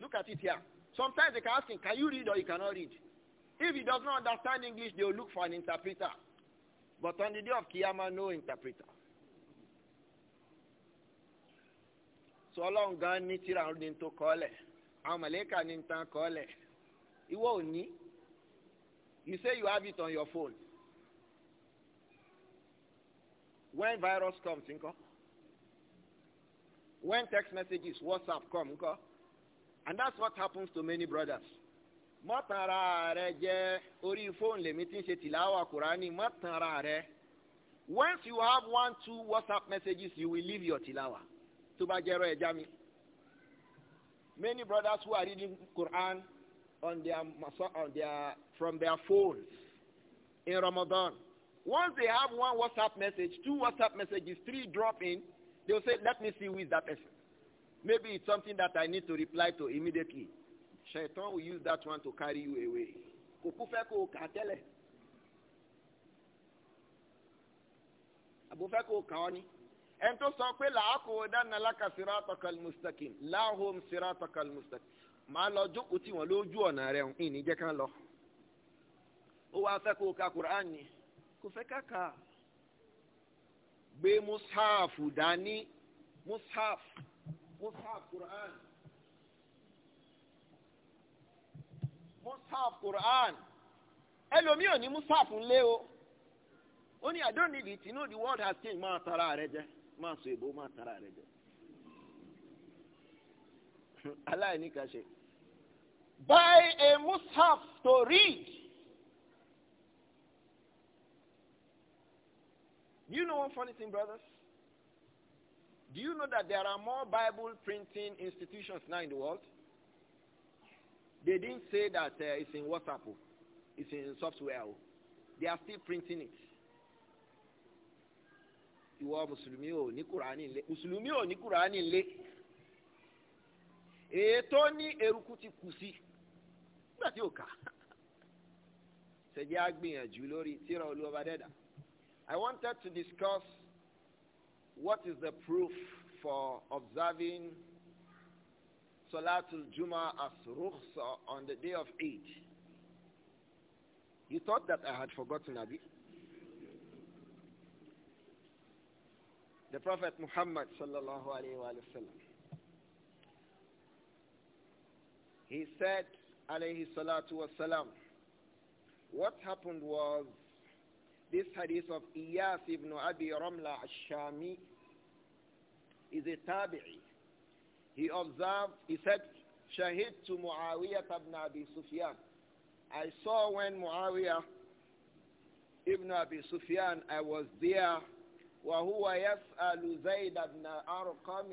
look at it here. Sometimes they can ask him, can you read or you cannot read? If he does not understand English, they will look for an interpreter. But on the day of Qiyamah, no interpreter. So long gan ni tira ni to kole. Amaleka ni tan kole. Iwo ni. You say you have it on your phone. When virus comes, think of. When text messages, WhatsApp come, okay? And that's what happens to many brothers. Once you have one, two WhatsApp messages, you will leave your tilawa. Many brothers who are reading Quran on their, on their, from their phones in Ramadan, once they have one WhatsApp message, two WhatsApp messages, three drop in, They will say, let me see who is that person. Maybe it's something that I need to reply to immediately. Shaitan will use that one to carry you away. àbúfẹ́ kò kàn ọ́ ni. ẹn tó sọ pé làákò dáná láka sirata kal mustaqim láhùn sirata kal mustaqim màá lọ jókòó tí wọn lójú ọ̀nà rẹ̀ ìní jẹ́ ká lọ. ó wàá fẹ́ kó ka quran ni kò fẹ́ ká kà á. gbé mùsáàfù dání mùsáàfù mùsáàfù quran mùsáàfù quran ẹlòmíì ò ní mùsáàfù ńlẹ́ o ó ní i don't need it you know the world has changed máa tara rẹ jẹ máa sọ èbó máa tara rẹ jẹ [laughs] aláìníkàṣe buy a mushaf to read. You know one funny thing, brothers? Do you know that there are more Bible printing institutions now in the world? They didn't say that uh, it's in WhatsApp, oh. it's in software. Oh. They are still printing it. Ìwọ Mùsùlùmí ò ní Kùránì Mùsùlùmí ò ní Kùránì Ètò ní eruku ti kù sí. Nígbà tí ò kà. [laughs] gbìyànjú lórí tíra dẹ́dà. I wanted to discuss what is the proof for observing Salatul Juma as rukhsa on the day of Eid. You thought that I had forgotten, Abi? The Prophet Muhammad sallallahu alaihi wasallam. He said, alayhi salatu wasalam, what happened was this hadith of Iyas ibn Abi Ramla al-Shami is a tabi'i. He observed, he said, Shahid to Muawiyah ibn Abi Sufyan. I saw when Muawiyah ibn Abi Sufyan, I was there, وَهُوَ يَسْأَلُ زَيْدَ ibn أَرْقَمٍ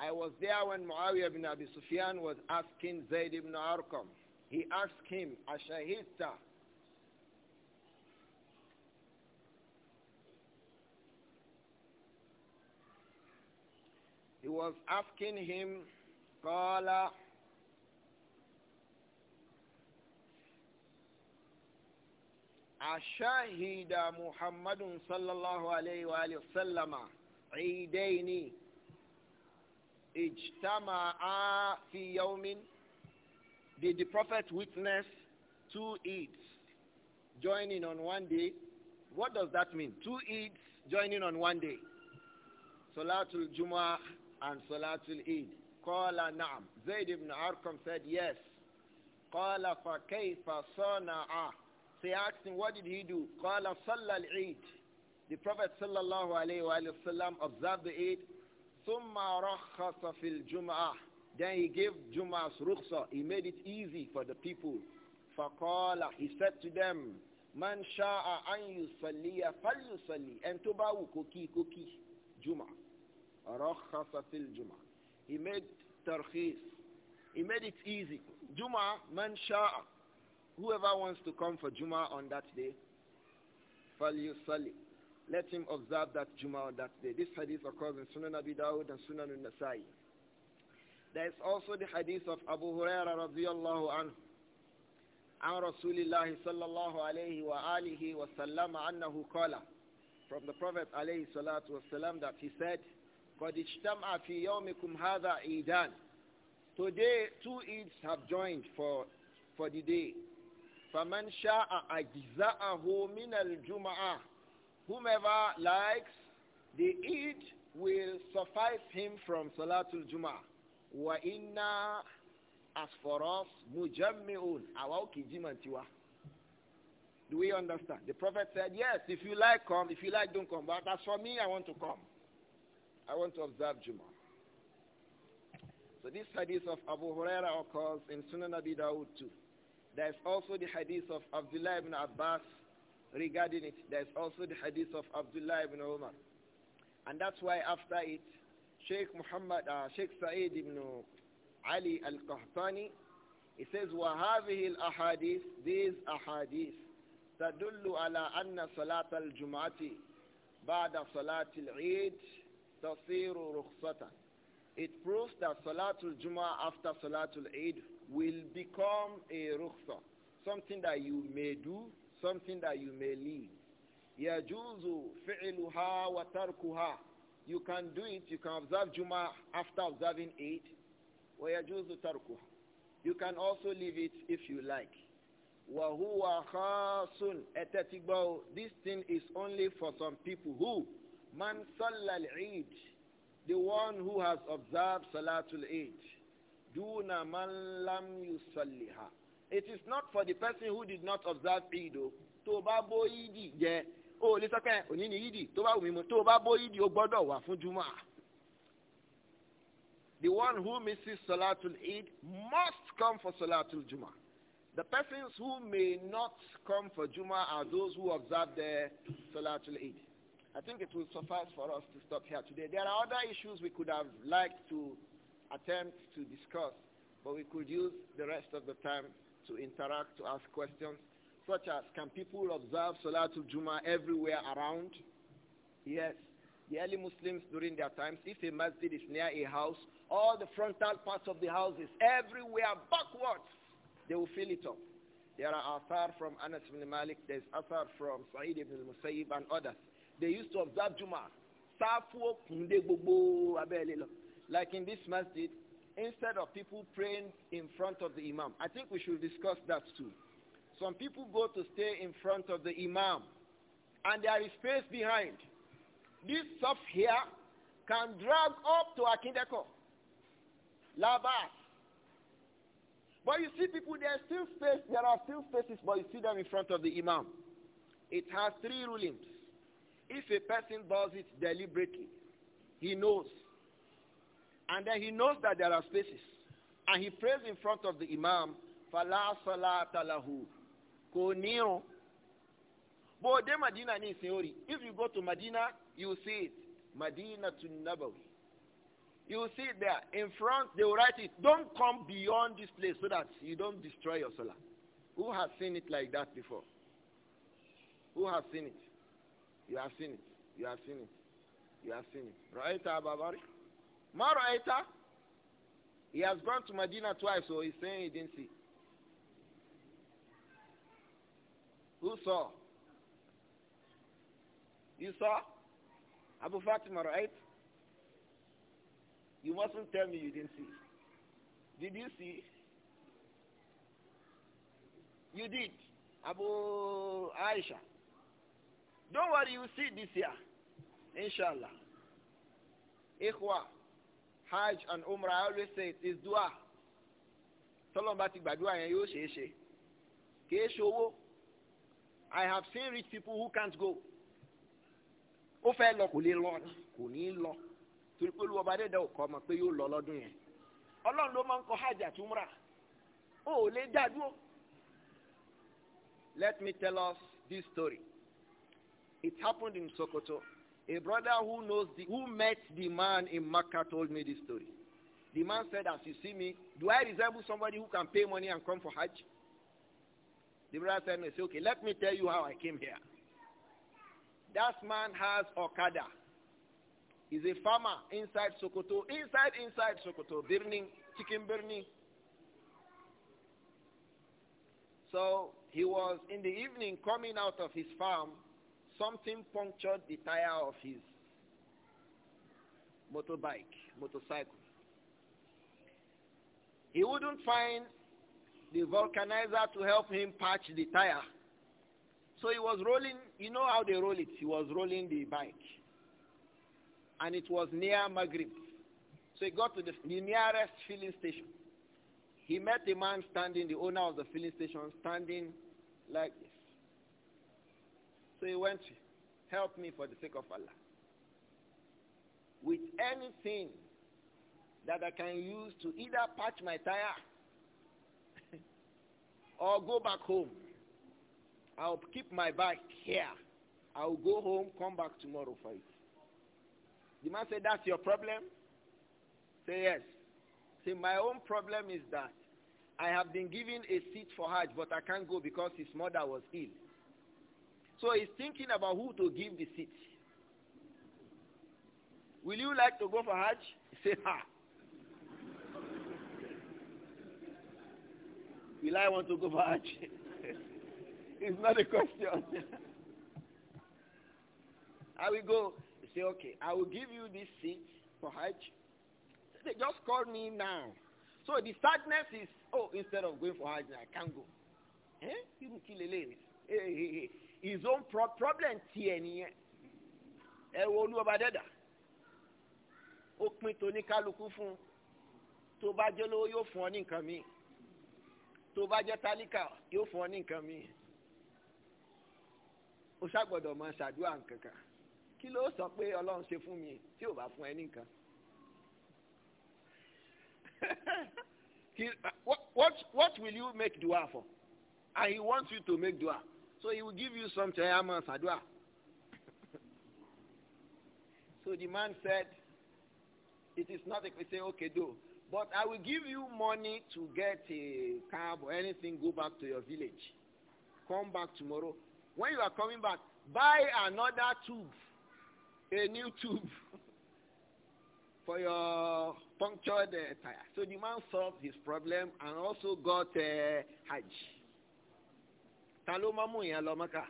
I was there when Muawiyah ibn Abi Sufyan was asking Zayd ibn Arqam. He asked him, Ashahidta, was asking him, قال أشهد محمد صلى الله عليه وآله وسلم عيدين اجتمعا في يوم Did the Prophet witness two Eids joining on one day? What does that mean? Two Eids joining on one day. Salatul Jumu'ah and Salatul Eid? Qala na'am. Zayd ibn Arqam said yes. Qala fa kayfa sana'a? So he asked him, what did he do? Qala salla al-Eid. The Prophet sallallahu alayhi wa sallam observed the Eid. Thumma rakhasa fil jum'ah. Then he gave Jum'ah's rukhsa. He made it easy for the people. Faqala, he said to them, Man sha'a an yusalliya fal yusalli. And tubawu koki koki. Jum'ah. رخص he made tarqis. he made it easy Juma man شاء whoever wants to come for Juma on that day فليصلي let him observe that Juma on that day this hadith occurs in Sunan Abi Dawud and Sunan al-Nasai there is also the hadith of Abu Huraira radiyallahu anhu عن رسول الله صلى الله عليه وآله وسلم أنه قال from the Prophet عليه الصلاة والسلام that he said قد اجتمع في يومكم هذا عيدان Today two Eids have joined for for the day. فمن شاء أجزاءه من الجمعة Whomever likes the Eid will suffice him from Salatul Jum'ah. وَإِنَّا as for us mujammi'un awauki jimantiwa do we understand the prophet said yes if you like come if you like don't come but as for me i want to come I want to observe Juma. So this hadith of Abu Huraira occurs in Sunan Abi Dawud too. There is also the hadith of Abdullah ibn Abbas regarding it. There is also the hadith of Abdullah ibn Umar. And that's why after it, Sheikh Muhammad, uh, Sheikh Sa'id ibn Ali al-Qahtani, he says, وَهَذِهِ الْأَحَادِيثِ These ahadith تَدُلُّ عَلَى أَنَّ صَلَاةَ الْجُمْعَةِ بَعْدَ صَلَاةِ الْعِيدِ تَصِيرُ رُخْصَةً It proves that Salatul Jummah after Salatul Eid will become a rukhsa, something that you may do, something that you may leave. يَجُوزُ فِعِلُهَا وَتَرْكُهَا You can do it, you can observe Jummah after observing Eid. وَيَجُوزُ تَرْكُهَا You can also leave it if you like. وَهُوَ خَاصٌ This thing is only for some people who Man salla eid the one who has observed Salatul Eid, duna man lam yusalliha. It is not for the person who did not observe Eid oh. Tó bá bó Eid jẹ, o lè sọ pé òní ni Eid, tó bá wù mí mo, tó bá bó Eid o gbọ́dọ̀ wà fún Juma. The one who misses Salatul Eid must come for Salatul Juma. The persons who may not come for Juma are those who observe the Salatul Eid. I think it will suffice for us to stop here today. There are other issues we could have liked to attempt to discuss, but we could use the rest of the time to interact, to ask questions, such as can people observe Salatul Juma everywhere around? Yes. The early Muslims during their times, if a masjid is near a house, all the frontal parts of the houses, everywhere backwards, they will fill it up. There are athar from Anas ibn Malik, there is athar from Sa'id ibn al-Musayyib and others they used to observe Juma. Like in this masjid, instead of people praying in front of the imam, I think we should discuss that too. Some people go to stay in front of the imam, and there is space behind. This stuff here can drag up to Akindeko, Labas. But you see people, there are still space, there are still spaces, but you see them in front of the imam. It has three rulings. If a person does it deliberately, he knows. And then he knows that there are spaces. And he prays in front of the imam, فَلَا صَلَاةَ لَهُ كُنِيرٌ But in Medina ni Seori. If you go to Medina, you see it. Medina to Nabawi. You see it there. In front, they will write it. Don't come beyond this place so that you don't destroy your salah. Who has seen it like that before? Who has seen it? You have seen it. You have seen it. You have seen it. Right, Babari? Ma Ra'aita? He has gone to Medina twice, so he's saying he didn't see. Who saw? You saw? Abu Fatima, right? You mustn't tell me you didn't see. Did you see? You did. Abu Aisha. Don't worry, you see this year. Inshallah. Ikhwa, Hajj and Umrah, I always say it is dua. Tọ́lọ́n bá ti gbàdúrà yẹn yóò ṣeé ṣe. Kìí ṣe I have seen rich people who can't go. Ó fẹ́ lọ kò lè lọ kò ní lọ. Torí pé olúwa Bàdé dẹ̀ kọ́ ọmọ pé yóò lọ lọ́dún yẹn. Ọlọ́run ló máa ń kọ Hajj àti Umrah. O ò lè dá dúró. Let me tell us this story. It happened in Sokoto. A brother who knows the, who met the man in Makkah told me this story. The man said, as you see me, do I resemble somebody who can pay money and come for Hajj? The brother said, say, okay, let me tell you how I came here. That man has Okada. He's a farmer inside Sokoto, inside, inside Sokoto, burning, chicken burning. So he was in the evening coming out of his farm something punctured the tire of his motorbike, motorcycle. He wouldn't find the vulcanizer to help him patch the tire. So he was rolling, you know how they roll it, he was rolling the bike. And it was near Maghrib. So he got to the, the nearest filling station. He met a man standing, the owner of the filling station, standing like so he went, help me for the sake of Allah. With anything that I can use to either patch my tire [laughs] or go back home. I'll keep my bike here. I'll go home, come back tomorrow for it. The man said, that's your problem? Say yes. See, my own problem is that I have been given a seat for Hajj, but I can't go because his mother was ill. So he's thinking about who to give the seat. Will you like to go for Hajj? He said, Ha. Will I want to go for Hajj? [laughs] it's not a question. [laughs] I will go. He said, Okay, I will give you this seat for Hajj. They just called me now. So the sadness is, oh, instead of going for Hajj, I can't go. Eh? Hey, hey, hey. his own pro problem tiẹ̀ nìyẹn ẹ wo olúwọba dẹ́dà ó pín toníkálukú fún tó bá jẹ́ lówó yóò fún ọ ní nǹkan mi tó bá jẹ́ tálíkà yóò fún ọ ní nǹkan mi ó ṣàgbọ́dọ̀ máa ṣàdúrà nǹkankan kí ló sọ pé ọlọ́run ṣe fún mi tí ò bá fún ẹ nìkan [laughs] what will you make dua for and he wants you to make dua So he will give you some chairman's adwa. so the man said, it is not if we say, okay, do. But I will give you money to get a cab or anything, go back to your village. Come back tomorrow. When you are coming back, buy another tube, a new tube [laughs] for your punctured uh, tire. So the man solved his problem and also got uh, Hajj ta ló mọ́ mú yẹn lọ mọ́kà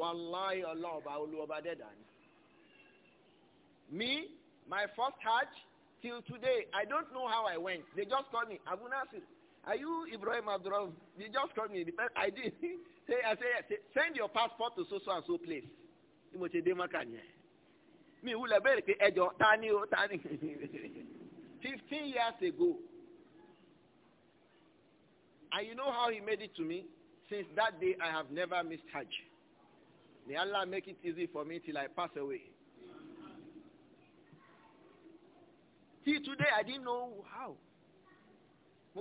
wàláì ọlọ́ọ̀bà olúwọba dẹ́dà ni. me my first hajj till today i don't know how i went they just call me abu nasir are you ibrahim abdulrahman they just call me the i did [laughs] say i say send your passport to so so and so place ni mo ṣe dé mọ́kà yẹn mi ìwúlẹ̀ bẹ́ẹ̀ pé ẹjọ́ ta ni o ta ni [laughs] fifteen years ago and you know how he made it to me since that day, I have never missed Hajj. May Allah make it easy for me till I pass away. See, today I didn't know how. I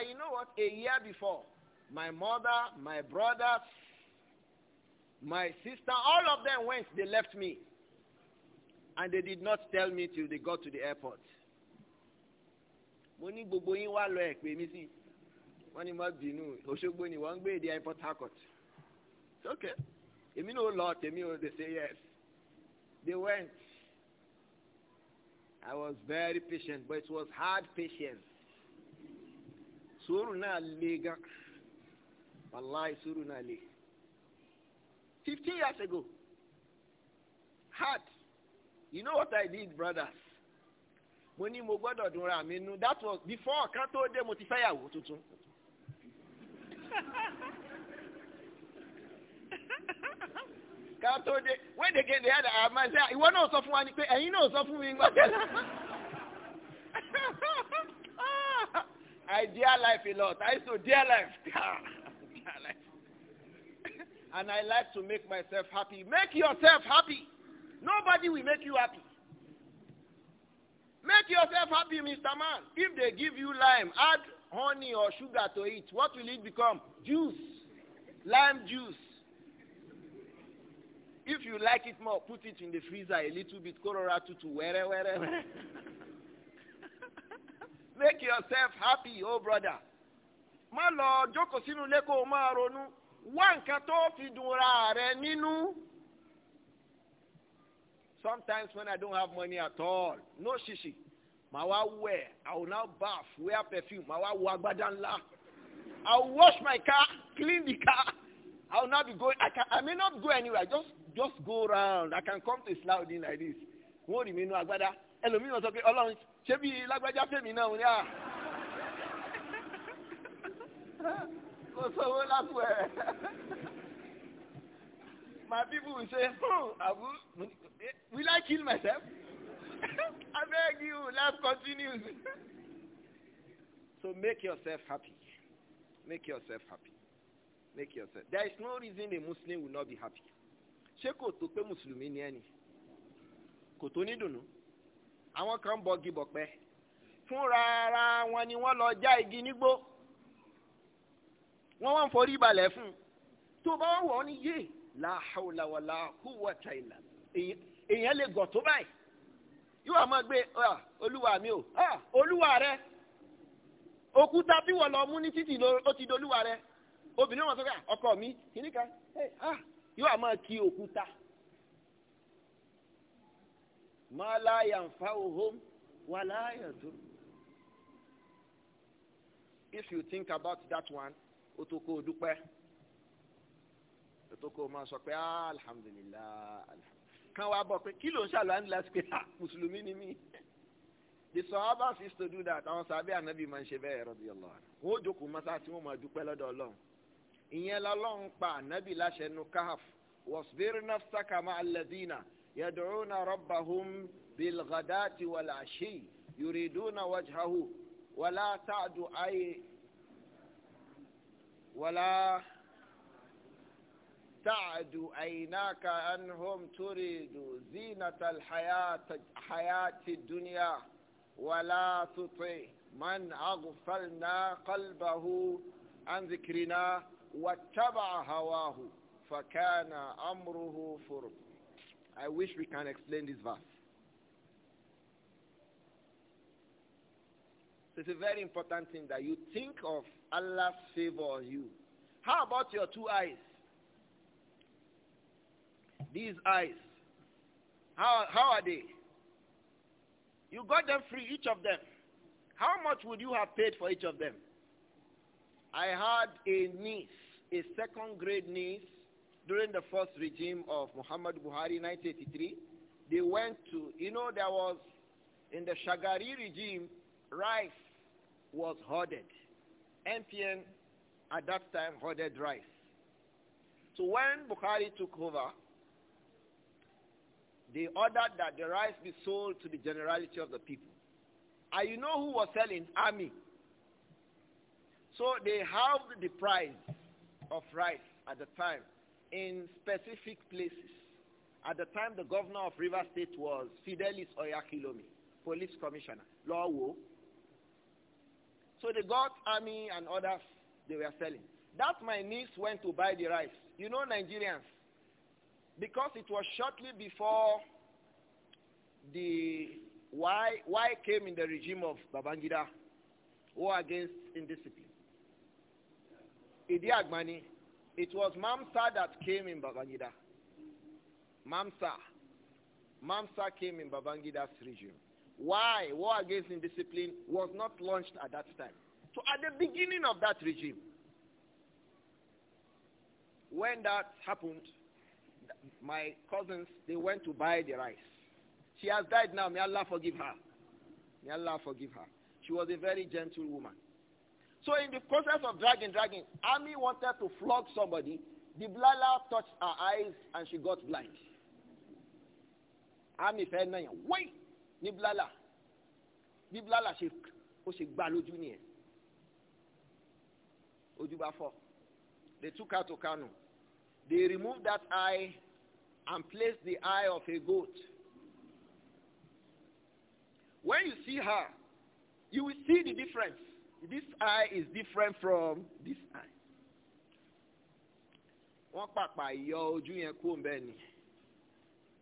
you know what? A year before, my mother, my brother, my sister, all of them went. They left me. And they did not tell me till they got to the airport wọ́n ní má bínú Òṣogbo ni wọ́n ń gbé èdè ẹ̀ Harcourt it's okay èmi náà lọ tèmi ò they say yes they went I was very patient but it was hard patience sùúrù náà le gan wàláì sùúrù náà le fifteen years ago hard you know what I did brothers mo ní mo gbọ́dọ̀ dunra mi nu that was before kan tó dé mo ti fẹ́yàwó tuntun ká tó dé when they get there àwọn máa ṣe ìwọ náà sọ fún wa ni pé ẹ̀yin náà sọ fún mi nígbà tẹ́lẹ̀. I dear life a lot. I so dear life. [laughs] Ah, dear life. [laughs] and I like to make myself happy. Make yourself happy. Nobody will make you happy. Make yourself happy, Mr. Man. If they give you lime, add honey or sugar to eat. what will it become? Juice. Lime juice. If you like it more, put it in the freezer a little bit, Colorado to where, where, where. [laughs] Make yourself happy, oh brother. Má lọ joko sínú leko máa ronú. Wá nǹkan fi rẹ nínú. Sometimes when I don't have money at all, no shishi. My wife wear. I will now bath, wear perfume màá wá wọ agbádá ńlá I will wash my car clean the car I will now be going I, can, I may not go anywhere just just go round I can come to Islam like this What do you mean, agbádá ẹlòmíràn sọ pé ọlọ́run ṣé bí lágbájá fèmí náà ní à kò sówó lápò ẹ̀ [laughs] my people will say I hmm, will, will I kill myself. [laughs] I beg you, life continues. so make yourself happy. Make yourself happy. Make yourself. There is no reason a Muslim will not be happy. Ṣé kò tó pé Mùsùlùmí ni ẹni? Kò tó ní dùnú. Àwọn kan bọ gibọ̀ pẹ́. Fúnra ara wọn ni wọ́n lọ já igi nígbó. Wọ́n wọ́n ń forí balẹ̀ fún un. Tó bá wọ̀ ọ́ ní yé, làhàwùlàwàlà hùwà tàìlà. Èèyàn lè gọ̀ tó báyìí yóò máa gbé olúwa mi o olúwa rẹ òkúta tí wọ́n lọ mú ní títì ó ti dolúwa rẹ obìnrin wọn sọ pé ọkọ mi kìnnìkan yóò máa kí òkúta máa láyà ń òhom wà láyà dúró. If you think about that one ó tó kó o dúpẹ́ ó tó kó o máa sọ pé alhamdulilayi alhamdulilayi kan wá bọ̀ pé kí ló ń ṣàlùwà ní láti pé mùsùlùmí ni mí. the sahabas used to do that àwọn sàbẹ̀ ànábì máa ń ṣe bẹ́ẹ̀ radiyallahu anhu. wọ́n jókòó mọ́sáàsì wọn máa dúpẹ́ lọ́dọ̀ ọlọ́run. ìyẹn lọ́lọ́run pa ànábì láṣẹ nu káf wasbir nafsaka ma'a alladhina yad'una rabbahum bilghadati wal ashi yuriduna wajhahu wala ta'du ay wala. تعد عيناك أنهم تريد زينة الحياة حياة الدنيا ولا تطع من أغفلنا قلبه عن ذكرنا واتبع هواه فكان أمره فرط I wish we can explain this verse. It's a very important thing that you think of Allah's favor on you. How about your two eyes? These eyes. How, how are they? You got them free, each of them. How much would you have paid for each of them? I had a niece, a second grade niece, during the first regime of Muhammad Buhari, 1983. They went to, you know, there was, in the Shagari regime, rice was hoarded. MPN at that time hoarded rice. So when Bukhari took over, they ordered that the rice be sold to the generality of the people. And you know who was selling? Army. So they halved the price of rice at the time in specific places. At the time, the governor of River State was Fidelis Oyakilomi, police commissioner, Law Wo. So they got army and others they were selling. That my niece went to buy the rice. You know Nigerians, because it was shortly before the why why came in the regime of Babangida war against indiscipline. Idi it was Mamsa that came in Babangida. Mamsa. Mamsa came in Babangida's regime. Why war against indiscipline was not launched at that time. So at the beginning of that regime, when that happened, my cousins, they went to buy the rice. She has died now. May Allah forgive her. May Allah forgive her. She was a very gentle woman. So in the process of dragging, dragging, Ami wanted to flog somebody. The blala touched her eyes and she got blind. Ami fell Wait, the blala. The blala, she, oh, she gbaloju ni Ojuba They took her to Kano. They removed that eye and place the eye of a goat. When you see her, you will see the difference. This eye is different from this eye.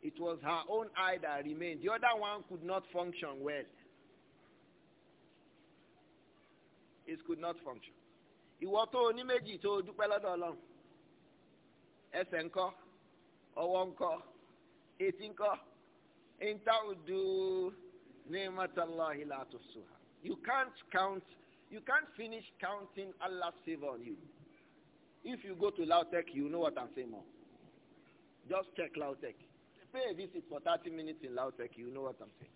It was her own eye that remained. The other one could not function well. It could not function. Ìwọ tó tó dúpẹ́ lọ́dọ̀ Ọlọ́run. Ẹsẹ̀ ńkọ́ ọwọ́ ńkọ́ etí ńkọ́ you can't count you can't finish counting Allah's favor on you if you go to Lautech you know what I'm saying more just check Lautech pay a visit for 30 minutes in Lautech you know what I'm saying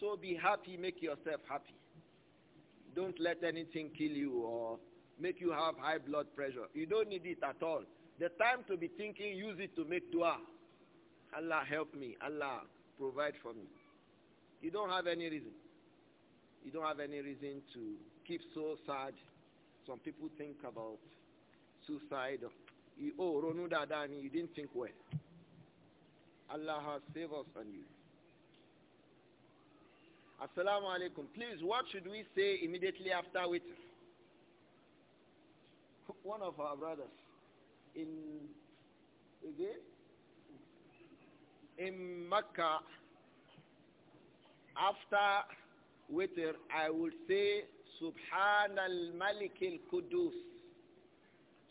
so be happy make yourself happy don't let anything kill you or make you have high blood pressure you don't need it at all the time to be thinking, use it to make dua. Allah help me. Allah provide for me. You don't have any reason. You don't have any reason to keep so sad. Some people think about suicide. You, oh, Ronu Dadani, you didn't think well. Allah has saved us and you. Assalamu alaikum. Please, what should we say immediately after witr? [laughs] One of our brothers in again in Mecca after witr I would say Subhan al Malik al Qudus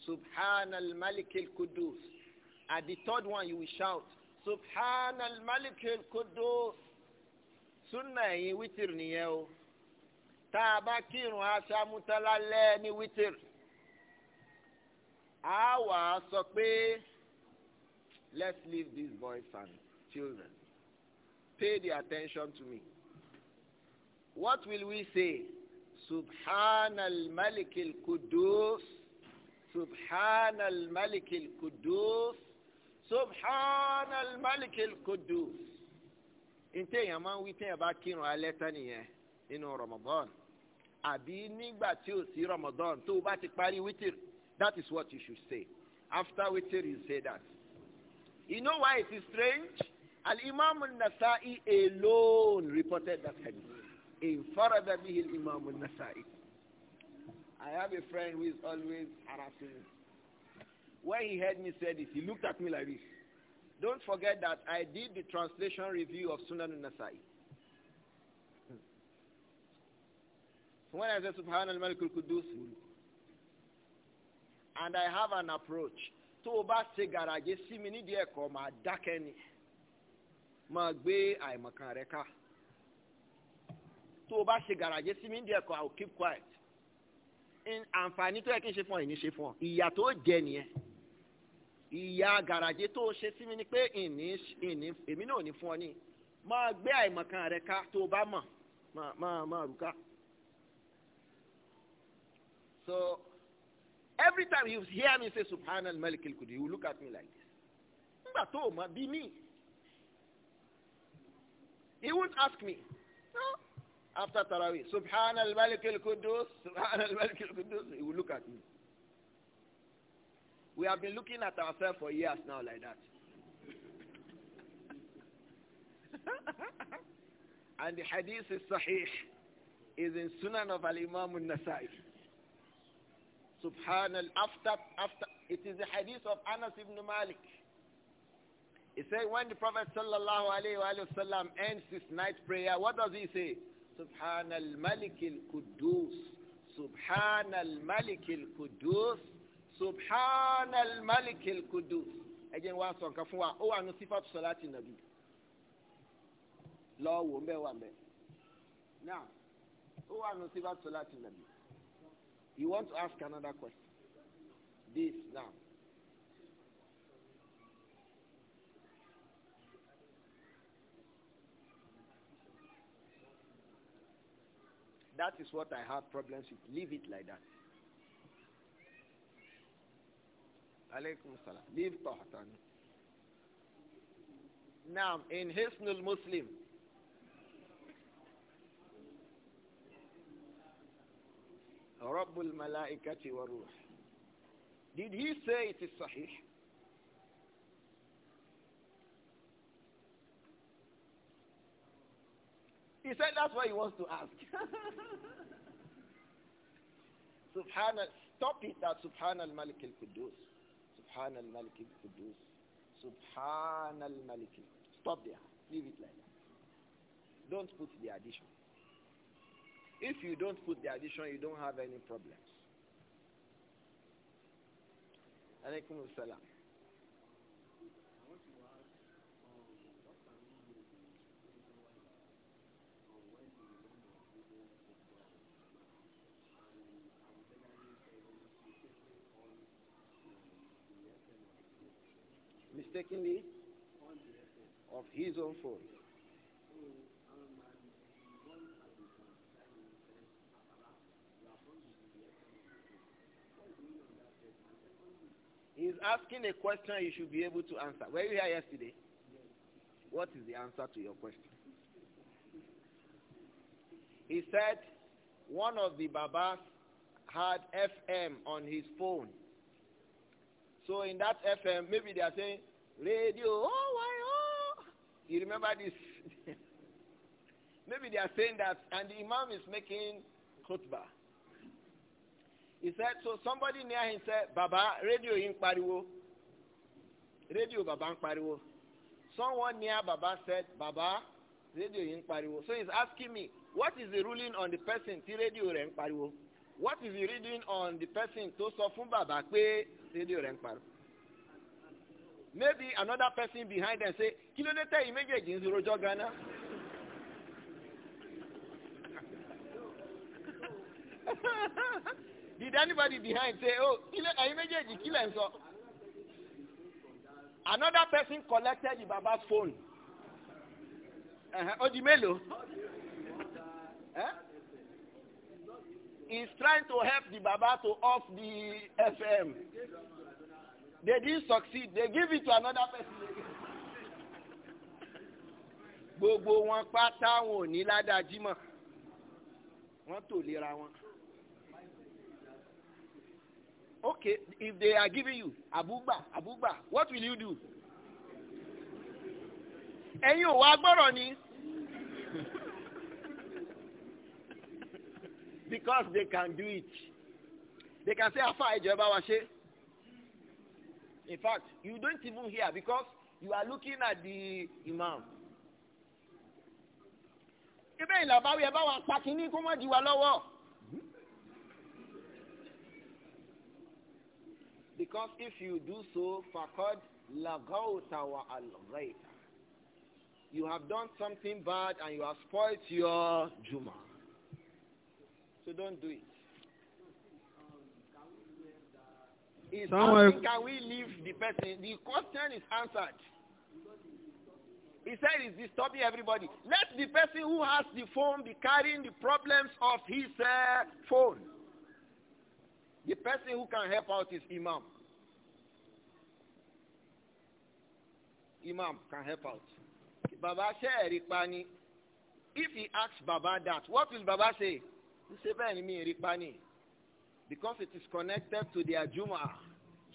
Subhan al Malik al Qudus at the third one you will shout Subhan al Malik al Qudus Sunnah yìí wítìrì nìyẹn o ní wítìrì a wà sọ pé let's leave these boys and children pay the attention to me what will we say Subhanal Malikil Kudus, Subhanal Malikil Kudus, Subhanal Malikil Kudus. ntẹ èèyàn máa ń wí téèyàn bá kírun alẹ́ tán nìyẹn nínú ramadan àbí nígbà tí ò sí ramadan tó o bá ti parí wítìrì that is what you should say. After witr, you say that. You know why it is strange? Al-Imam al-Nasa'i alone reported that hadith. In bihi al-Imam al-Nasa'i. I have a friend who is always harassing me. When he heard me say this, he looked at me like this. Don't forget that I did the translation review of Sunan al-Nasa'i. So hmm. when I said Subhanallah al-Malik al-Qudus, and I have an approach. Tó o bá ṣe gàràjé sí mi nídìí ẹ̀kọ́ máa dákẹ́ ni. Máa gbé àìmọ̀kan rẹ ká. Tó o bá ṣe gàràjé sí mi nídìí ẹ̀kọ́ I will keep quiet. Àǹfààní tó yẹ kí n ṣe fún ọ ìní ṣe fún ọ. Ìyá tó jẹ nìyẹn. ìyá gàràjé tó o ṣe sí mi ni pé ìní ìní èmi náà ò ní fún ọ ní. Máa gbé àìmọ̀kan rẹ ká tó o bá mọ̀ máa máa rù ká. So Every time you hear me say Subhanal Malik al you look at me like this. Mbatoma, be me. He won't ask me. No. After Taraweeh, Subhanal Malik al Subhanal Malik al he will look at me. We have been looking at ourselves for years now like that. [laughs] and the hadith is sahih, is in Sunan of Al-Imam al-Nasai. Subhanal after after it is the hadith of Anas ibn Malik. He said when the Prophet sallallahu alaihi wasallam ends his night prayer, what does he say? Subhanal Malik al kudus Subhanal Malik al kudus Subhanal Malik al kudus Again, wa sọ̀rọ̀ kan Oh, wa, ó wà ní sífàtú sọ̀láàtì nàbí. Lọ wò ń bẹ̀ wà ń bẹ̀. Náà, ó wà nàbí. You want to ask another question? This now. That is what I have problems with. Leave it like that. Alaykum salam. Leave Tahatan. Now, in Hisnul Muslim, Rabbul Malaikati wa Ruh. Did he say it is sahih? He said that's why he wants to ask. [laughs] Subhana, stop it at al Malik al Qudus. al Malik al Qudus. al Malik al Stop there. Leave it like that. Don't put the addition. If you don't put the addition, you don't have any problems. Alaykum salam. Mistakenly of his own fault. He's asking a question you should be able to answer. Were you here yesterday? What is the answer to your question? He said one of the Babas had FM on his phone. So in that FM, maybe they are saying, radio, oh, why, oh. You remember this? [laughs] maybe they are saying that, and the Imam is making khutbah. He said, so somebody near him said, Baba, radio in pariwo. Radio Baba in pariwo. Someone near Baba said, Baba, radio in pariwo. So he's asking me, what is the ruling on the person ti radio rẹ̀ ń pariwo? What is the ruling on the person tó sọ fún bàbá pé radio rẹ̀ ń pariwo? Maybe another person behind them say, kí ló dé tẹ́ yìí méjèèjì ń zorojọ́ gan-an? [laughs] did anybody behind say oh kílẹ̀ ẹ̀yin méjèèjì kílẹ̀ ń sọ. another person collected the baba's phone. Uh-huh. ó di mélòó. is eh? trying to help the baba to off the fm. they didn't succeed they give it to another person gbogbo wọn pátá wọn ò ní ládàá jímọ̀ wọ́n tò lera wọn okay if they are giving you abugba abugba what will you do ẹ̀yin ò wá gbọ́rọ̀ ni [laughs] because they can do it they can say afa ìjọba wa ṣe in fact you don't even hear because you are looking at the imam ibẹ̀ ìlàbáwí ẹ wa pa kínní kó má di wa lọ́wọ́. Because if you do so, فَقَدْ لَغَوْتَ وَأَلْغَيْتَ You have done something bad and you have spoiled your Juma. So don't do it. Is asking, can we leave the person? The question is answered. He said it's disturbing everybody. Let the person who has the phone be carrying the problems of his uh, phone. The person who can help out is Imam. Imam can help out. Baba Sheikh Pani, if he asks Baba that, what will Baba say? He say, bẹ́ẹ̀ ni Pani. Because it is connected to the Ajuma.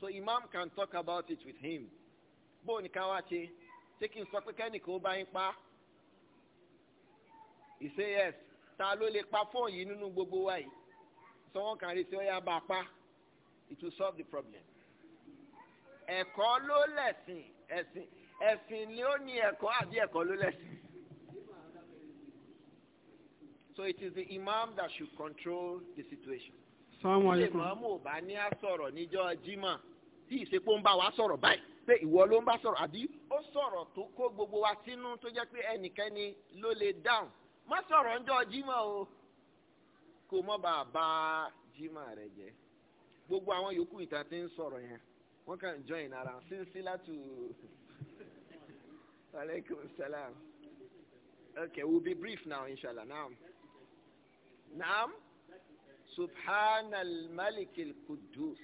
So Imam can talk about it with him. Bo ni taking wá ṣe? Ṣé pa? He say yes. Talo ló lè pa fóònù yìí nínú gbogbo wa someone can really say oya oh, bapa it will solve the problem ẹ̀kọ́ ló lẹ̀sìn ẹ̀sìn ẹ̀sìn ni ó ní ẹ̀kọ́ àbí ẹ̀kọ́ ló lẹ̀sìn. so it is the imam that should control the situation. sọ́wọ́n ayé kan. ilé màmú ò bá ní á sọ̀rọ̀ níjọ́ jimá tí ìsepò ń bá wa sọ̀rọ̀ báyìí pé ìwọ ló ń bá sọ̀rọ̀ àbí ó sọ̀rọ̀ tó kó gbogbo wa sínú tó jẹ́ pé ẹnikẹ́ni ló lè dáhùn má sọ̀rọ̀ níjọ́ jimá o kó mọ́ bá a bá jimá rẹ̀ jẹ́ gbogbo àwọn yòókù ìta ti ń sọ̀rọ̀ yẹn wọ́n kàn join ara silsilatu [laughs] alaikum salam okay we'll be brief now inshallah naam naam subhanal Malikil Kudus.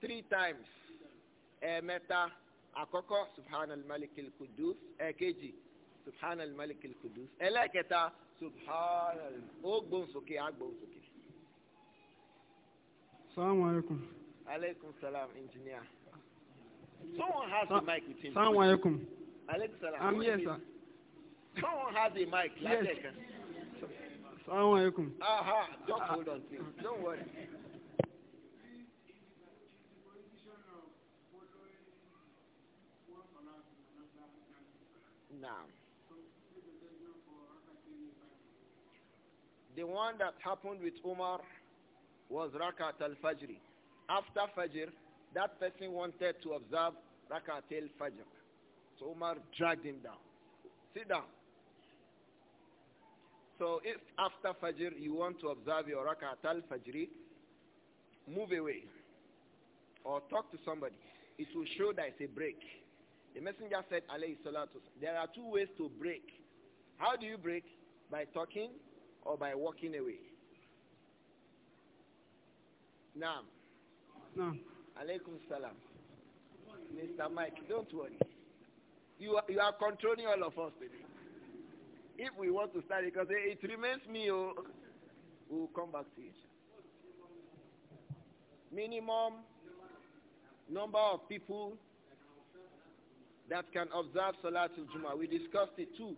three times ẹ̀ẹ̀mẹ́ta àkọ́kọ́ subhanal Malikil Kudus. quddus ẹ̀ẹ̀kejì. Eh, سبحان الملك القدوس الاكتا سبحان الملك اوغبون سوكي اغبون سوكي السلام عليكم عليكم السلام انجينير someone has a mic with him السلام عليكم عليكم السلام ام يس someone has a mic like yes. that السلام عليكم اها don't hold on please don't worry now the one that happened with Umar was Rakat al-Fajr. After Fajr, that person wanted to observe Rakat al-Fajr. So Umar dragged him down. Sit down. So if after Fajr you want to observe your Rakat al-Fajr, move away or talk to somebody. It will show that it's a break. The messenger said, alayhi there are two ways to break. How do you break? By talking or by walking away. Now, Naam. Alaikum salam. Mr. Mike, don't worry. You are, you are controlling all of us today. If we want to study, because it remains me, oh, we'll come back to it. Minimum number of people that can observe Salatul Jummah. We discussed it, two.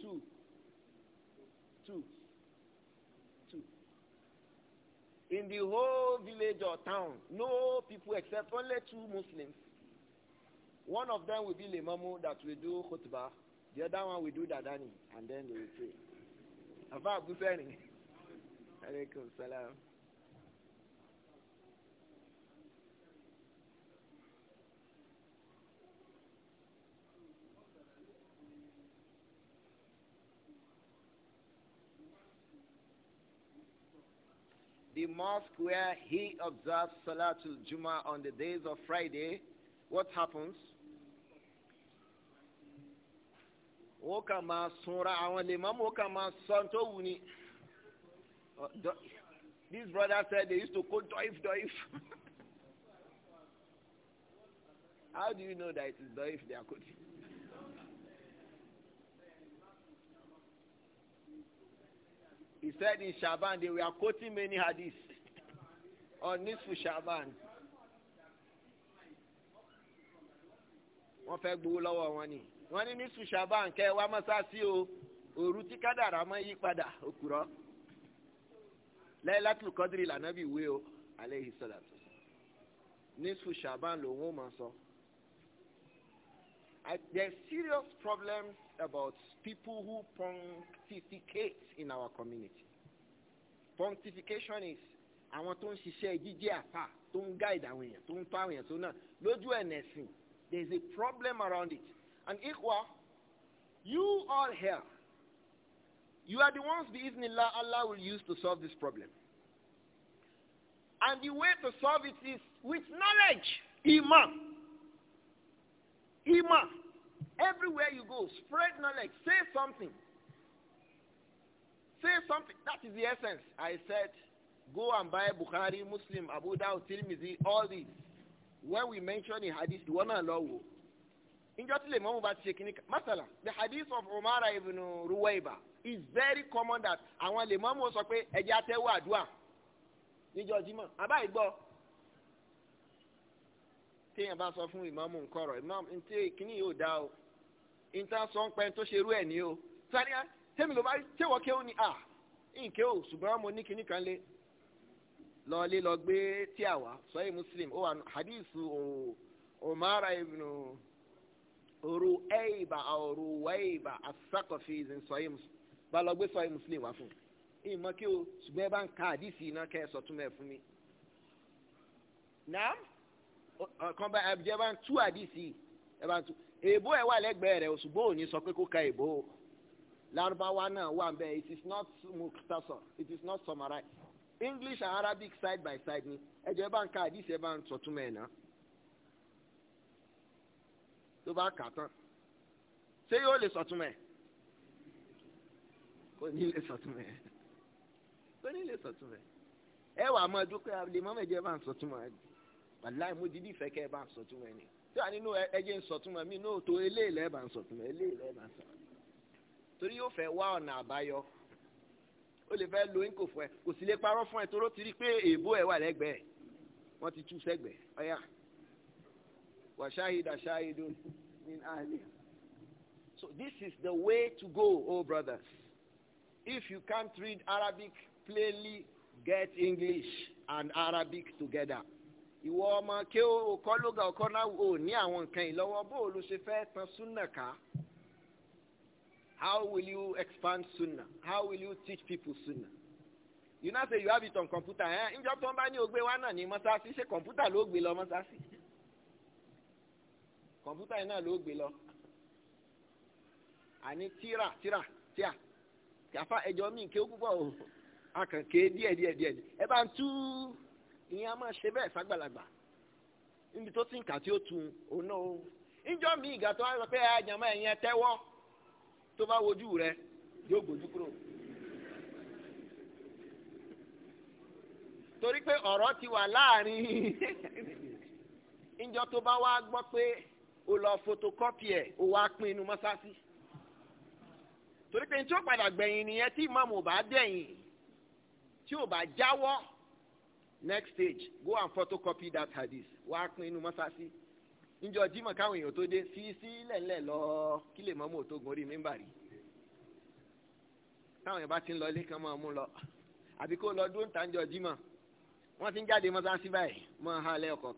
Two. two two in the whole village or town no people except only two muslims one of them will be limamu that will do khutbah the other one will do dadani and then they will pray afa abuserin [laughs] alaikum salam. the mosque where he observes Salatul Jummah on the days of Friday, what happens? Uh, this brother said they used to call doif doif. [laughs] how do you know that it is doif they are quoting? He said in Shaban, they were quoting many hadiths on Nisfu Shaban. wọ́n fẹ́ gbowó lọ́wọ́ wọn ni wọ́n ní Nisfu Shaban kẹ́ wá mọ́sáàsì o òru tí kádàrá mọ́ yí padà òkúrọ́ lẹ́yìnlátù kọ́dírì lànà bí wé o aleyhi sọ́dà Nisfu Shaban lòun ó mọ̀ sọ. So. I, there's serious problems about people who pontificate in our community. Pontification is àwọn tó ń ṣiṣẹ́ jíjẹ́ tó ń guide àwọn èèyàn tó ń tọ́ àwọn èèyàn tó náà lójú ẹ̀nà ẹ̀sìn there is a problem around it and ikwa you all here you are the ones the even Allah will use to solve this problem and the way to solve it is with knowledge Imam. Ima. Everywhere you go, spread knowledge. Say something. Say something. That is the essence. I said, go and buy Bukhari, Muslim, Abu Dawud, Tirmizi, all these. When we mention the hadith, the one Allah Injọ́ tí lè mọ́ mo bá ti ṣe kínní Masala, the hadith of Umar ibn Ruwaiba is very common that àwọn lè mọ́ mo sọ pé ẹ̀jẹ̀ atẹ́wọ́ àdúrà níjọ́ Jímọ̀. Àbá ìgbọ́, téèyàn bá sọ fún ìmáàmù nkọ̀rọ̀ ìmáàmù ntí kìíní yóò dá o níta sọ ń pẹ́ tó ṣe irú ẹ̀ ní o sáré á tẹ́mi ló bá tẹ́wọ́ kéwù ni à nǹkẹ́ o ṣùgbọ́n mo ní kìíní kan lé lọ́ọ́lé lọ gbé tí a muslim ó wà nù hadithu umara ibn oru ẹ̀yìnbá oru wẹ̀yìnbá asakọ̀fì ìzìn sọ́yìn muslim bá lọ gbé sọ́yìn muslim wá fún un ìmọ̀ kí o ṣùgbọ́n ẹ bá ń ka iná kẹ́ ẹ sọ túnbẹ̀ fún mi. naam. kan bá abijẹ́ bá ń tú àdìsí ẹ bá ń tú èèbó ẹ̀ wà lẹ́gbẹ̀ẹ́ rẹ̀ ṣùgbọ́n òní sọ pé kó ka èèbó o lárúbáwá náà wà ń bẹ it is not muktasar it is not summarized english and arabic side by side ni ẹ jẹ́ bá ń ka àdìsí ẹ bá ń sọtún mẹ́ẹ̀ náà tó bá kà tán ṣé yóò lè sọtún mẹ́ẹ̀ kò ní lè sọtún mẹ́ẹ̀ kò ní lè sọtún mẹ́ẹ̀ ẹ wà á máa dúpẹ́ àlè mọ́mẹ́jẹ́ bá ń sọtún mọ́ wàláì mo dìdí ìfẹ́ kẹ́ ẹ bá ń sọtúmọ̀ ẹni tí wàá nínú ẹjẹ́ ń sọtúmọ̀ mí náà tó eléyìí lẹ́ẹ̀ bá ń sọtúmọ̀ eléyìí lẹ́ẹ̀ bá ń sọtúmọ̀ torí yóò fẹ́ wá ọ̀nà àbáyọ ó lè fẹ́ lo ínkò fún ẹ kò sì lè parọ́ fún ẹ toró ti rí naa to eleyii ba èèbó ẹ wà lẹ́gbẹ̀ẹ́ wọ́n ti tú sẹ́gbẹ̀ẹ́ ọ̀yà wà ṣáhìdà ṣáhìdùn ní àlè. So this is the way to go, oh brothers. If you can't read Arabic plainly, get English and Arabic together. ìwọ ọmọ kí o kọ́ lóga ọkọ náà ò ní àwọn nǹkan ìlọ́wọ́ bó o ló ṣe fẹ́ tan sunna ká how will you expand sunna how will you teach people sunna you know say you have it on computer ẹ ǹjọ́ tó ń bá ní o gbé wá náà ní mọ́sáàsì ṣé kọ̀ǹpútà ló gbé lọ mọ́sáàsì kọ̀ǹpútà yìí náà ló gbé lọ àní tíra tíra tíà kí afa ẹjọ́ mi kí ó púpọ̀ o akànkè díẹ̀ díẹ̀ díẹ̀ ẹ bá ń tú. ìyẹn a máa ṣe bẹ́ẹ̀ fàgbàlagbà níbi tó ti ń kà tí ó tu òun náà ó ìjọ mi ìgbà tó wá sọ pé àjàmọ́ ẹ̀yẹn tẹ́wọ́ tó bá wojú rẹ yóò gbójú kúrò. torí pé ọ̀rọ̀ ti wà láàrin ìjọ [laughs] tó bá wá gbọ́ pé o lọ fotokọ́pì ẹ̀ o wá pín inú mọ́sáàsì torí pé tí ó padà gbẹ̀yìn nìyẹn tí ìmọ̀ọ́mù ò bá dẹ̀yìn tí ò bá jáwọ́. next stage go and photocopy that hadith wá pin inú mọ́sáàsì níjọ́ jímọ̀ káwọn èèyàn tó dé fi sílẹ̀ ńlẹ̀ lọ kí lè mọ́mú òtógun orí mímbà rí táwọn èèyàn bá ti ń lọ ilé kan máa mú lọ àbí kó lọ dúró ń ta níjọ́ jímọ̀ wọ́n ti ń jáde mọ́sáàsì báyìí máa ha alẹ́ ọkọ̀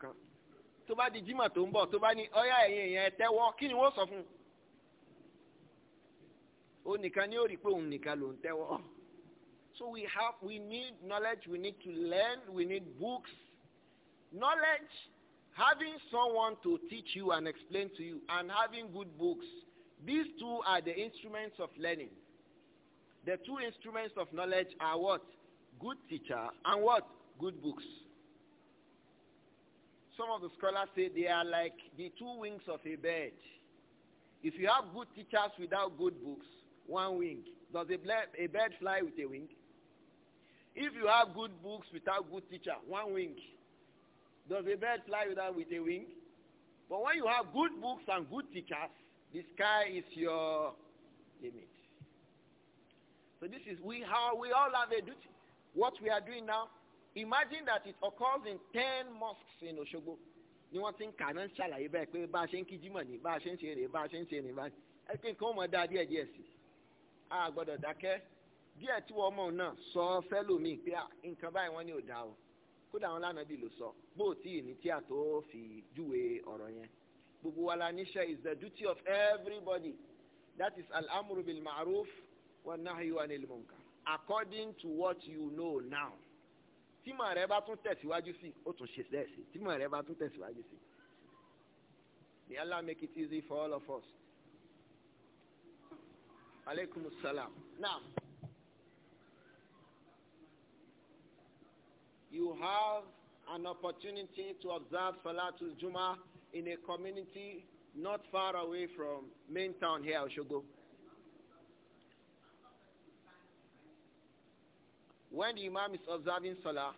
tó bá di jímọ̀ tó ń bọ̀ tó bá ní ọyá ẹ̀yìn èèyàn ẹ tẹ́wọ́ kí ni wọ́n sọ fún un ó nìkan ni ó rí pé òun nìkan ló ń tẹ́wọ́ So we have, we need knowledge, we need to learn, we need books. Knowledge, having someone to teach you and explain to you, and having good books, these two are the instruments of learning. The two instruments of knowledge are what? Good teacher and what? Good books. Some of the scholars say they are like the two wings of a bird. If you have good teachers without good books, one wing. Does a, bird fly with a wing? If you have good books without good teacher, one wing. Does a bird fly without with a wing? But when you have good books and good teachers, the sky is your limit. So this is we how we all have a duty. What we are doing now, imagine that it occurs in 10 mosques in Oshogo. You want ti ń kà náà ń ṣàlàyé bẹ́ẹ̀ pé bá a ṣe ń kí jímọ̀ ní bá a ṣe ń ṣe rè bá a ṣe ń ṣe rè báyìí ẹ díẹ̀ tí wọ́n mọ̀ náà sọ fẹ́lòmíì pé nǹkan báyìí wọ́n ní ò dá o kódà wọn lánàá bí ló sọ bó tí ì ní tí a tó fi júwe ọ̀rọ̀ yẹn gbogbo wa la níṣẹ́ is the duty of everybody that is al-amru bil ma'ruf wa nahyu anil munkar according to what you know now tímọ̀ rẹ bá tún tẹ̀síwájú sí ó tún ṣe bẹ́ẹ̀ sí tímọ̀ rẹ bá tún tẹ̀síwájú sí. may allah make it easy for all of us. aleykum salaam. naam. you have an opportunity to observe Salatul Juma in a community not far away from main town here, Oshogo. When the Imam is observing Salah,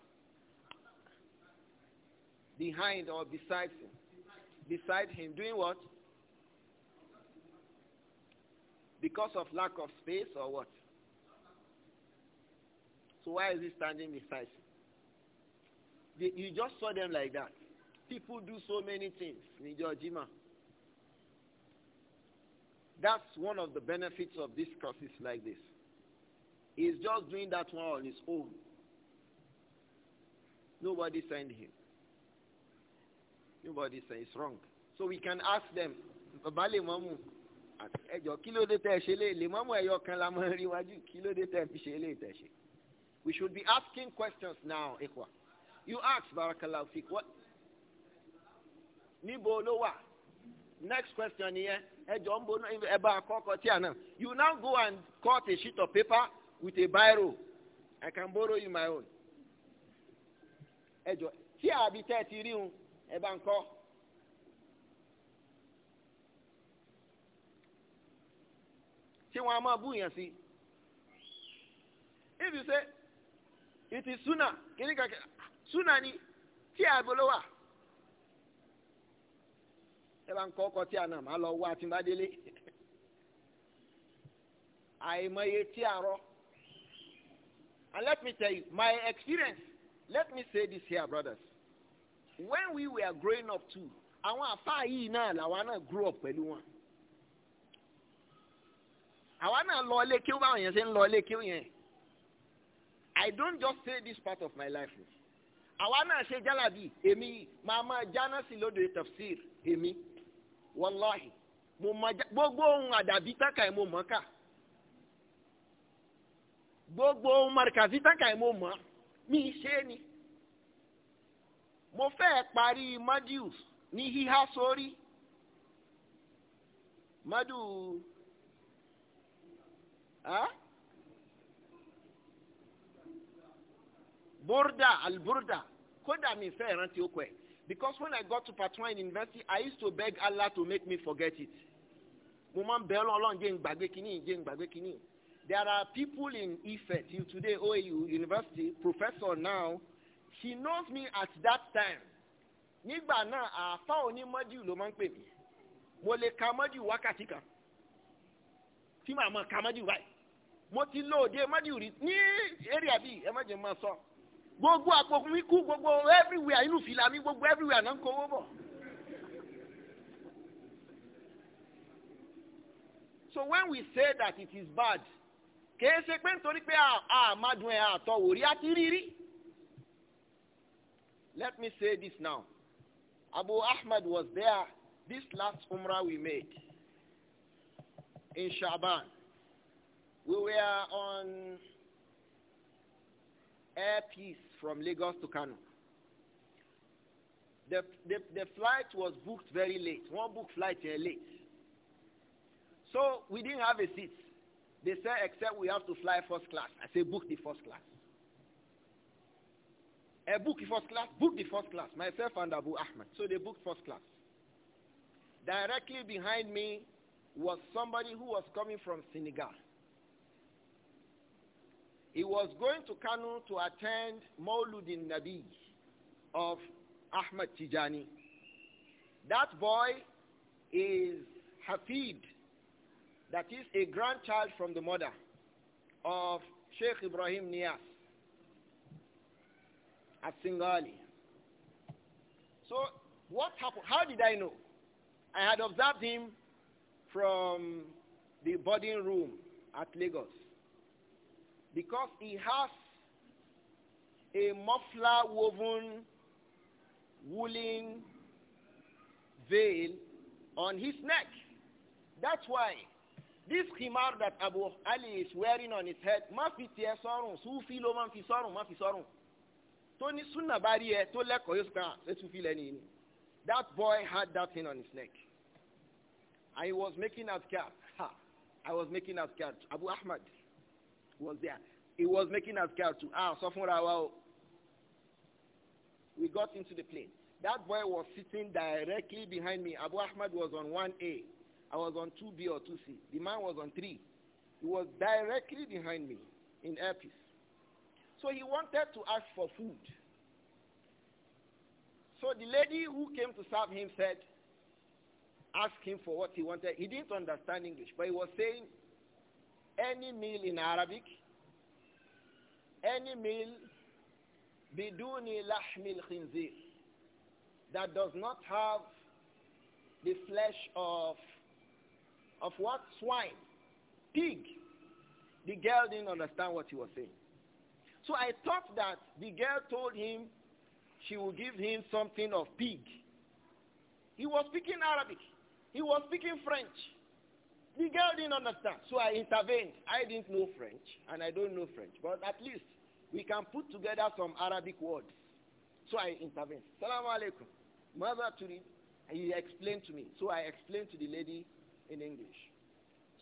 behind or beside him, beside him, doing what? Because of lack of space or what? So why is he standing beside him? They, you just saw them like that. People do so many things in Georgima. That's one of the benefits of these courses like this. He's just doing that one on his own. Nobody signed him. Nobody says it's wrong. So we can ask them, Bàbá lè ẹjọ́ dé tẹ̀ lé, kan la dé tẹ̀ fi tẹ̀ We should be asking questions now, You ask, Barakallahu Fik, what? Nibo Lowa. Next question here. You now go and cut a sheet of paper with a biro. I can borrow you my own. Ẹjọ, tí ti rí un, ẹ bá ń kọ́. Tí ti won máa bú yẹn si If you say, it is sooner, kìnnìkan kìnnìkan. súnà tí a bolo wà ẹ bá ń kọ́ ọkọ tí a nà má lọ wá tí n bá délé àìmọye tí a rọ and let me tell you my experience let me say this here brothers when we were growing up too àwọn àfáà yìí náà làwa náà grow up pẹ̀lú wọn àwa náà lọ ilé kí ó báwọn yẹn ṣe ń lọ ilé kí ó yẹn i don't just say this part of my life. With. àwa náà ṣe jálàbí èmi máa máa jáná sí lóde tafsir èmi wàláhì mo máa já gbogbo ohun àdàbí tákà ẹ̀ mo mọ̀ ká gbogbo ohun màrìkàfí tákà ẹ̀ mo mọ̀ mi ṣe ni mo fẹ́ parí madius ní híhá sórí madu. Huh? Burda Al Burda kódà mi fẹ́ rántí okò because when I got to Patwan in university I used to beg Allah to make me forget it mo máa ń bẹ bagwe kini n bagwe kini. there are people in Ife till today OAU university professor now he knows me at that time nígbà náà àáfà onímọ́jú ló lo ń pè mí mo le kamaji mọ́jú wákàtí kan tí màá mọ̀ ka mọ́jú báyìí mo ti lóde mọ́jú rí ní èrè àbí ẹ má jẹ́ máa sọ. So gbogbo àpòkùn mi kú gbogbo everywhere inú fìlà mi gbogbo everywhere náà ń kówó bọ̀. so when we say that it is bad kèé ṣe pé nítorí pé àmàdùn ẹ̀ àtọ̀wò rí àti let me say this now abu ahmed was there this last umrah we made in shaban we were on. peace from Lagos to Kano. The, the, the flight was booked very late. One booked flight here eh, late. So we didn't have a seat. They said, except we have to fly first class. I said, book the first class. I eh, book the first class. Book the first class. Myself and Abu Ahmed. So they booked first class. Directly behind me was somebody who was coming from Senegal. He was going to Kanu to attend Mauludin Nabi of Ahmad Tijani. That boy is Hafid, that is a grandchild from the mother of Sheikh Ibrahim Nias at Singali. So what happened? How did I know? I had observed him from the boarding room at Lagos because he has a muffler woven woolen veil on his neck. That's why this khimar that Abu Ali is wearing on his head must be tiẹ̀ sọ́rùn sùfì ló má fi sọ́rùn má fi sọ́rùn tó ní súnà tó ah, that boy had that thing on his neck I was making adkar ha I was making cat. Abu Ahmad was there. He was making us care to ah Sofunrawa. We got into the plane. That boy was sitting directly behind me. Abu Ahmad was on 1A. I was on 2B or 2C. The man was on 3. He was directly behind me in airpiece. So he wanted to ask for food. So the lady who came to serve him said, ask him for what he wanted. He didn't understand English, but he was saying, any meal in Arabic, any meal biduni lahmil khinzir, that does not have the flesh of, of what? Swine, pig. The girl didn't understand what he was saying. So I thought that the girl told him she would give him something of pig. He was speaking Arabic. He was speaking French. The girl didn't understand. So I intervened. I didn't know French, and I don't know French. But at least we can put together some Arabic words. So I intervened. Salaam alaikum. Mother to the, he explained to me. So I explained to the lady in English.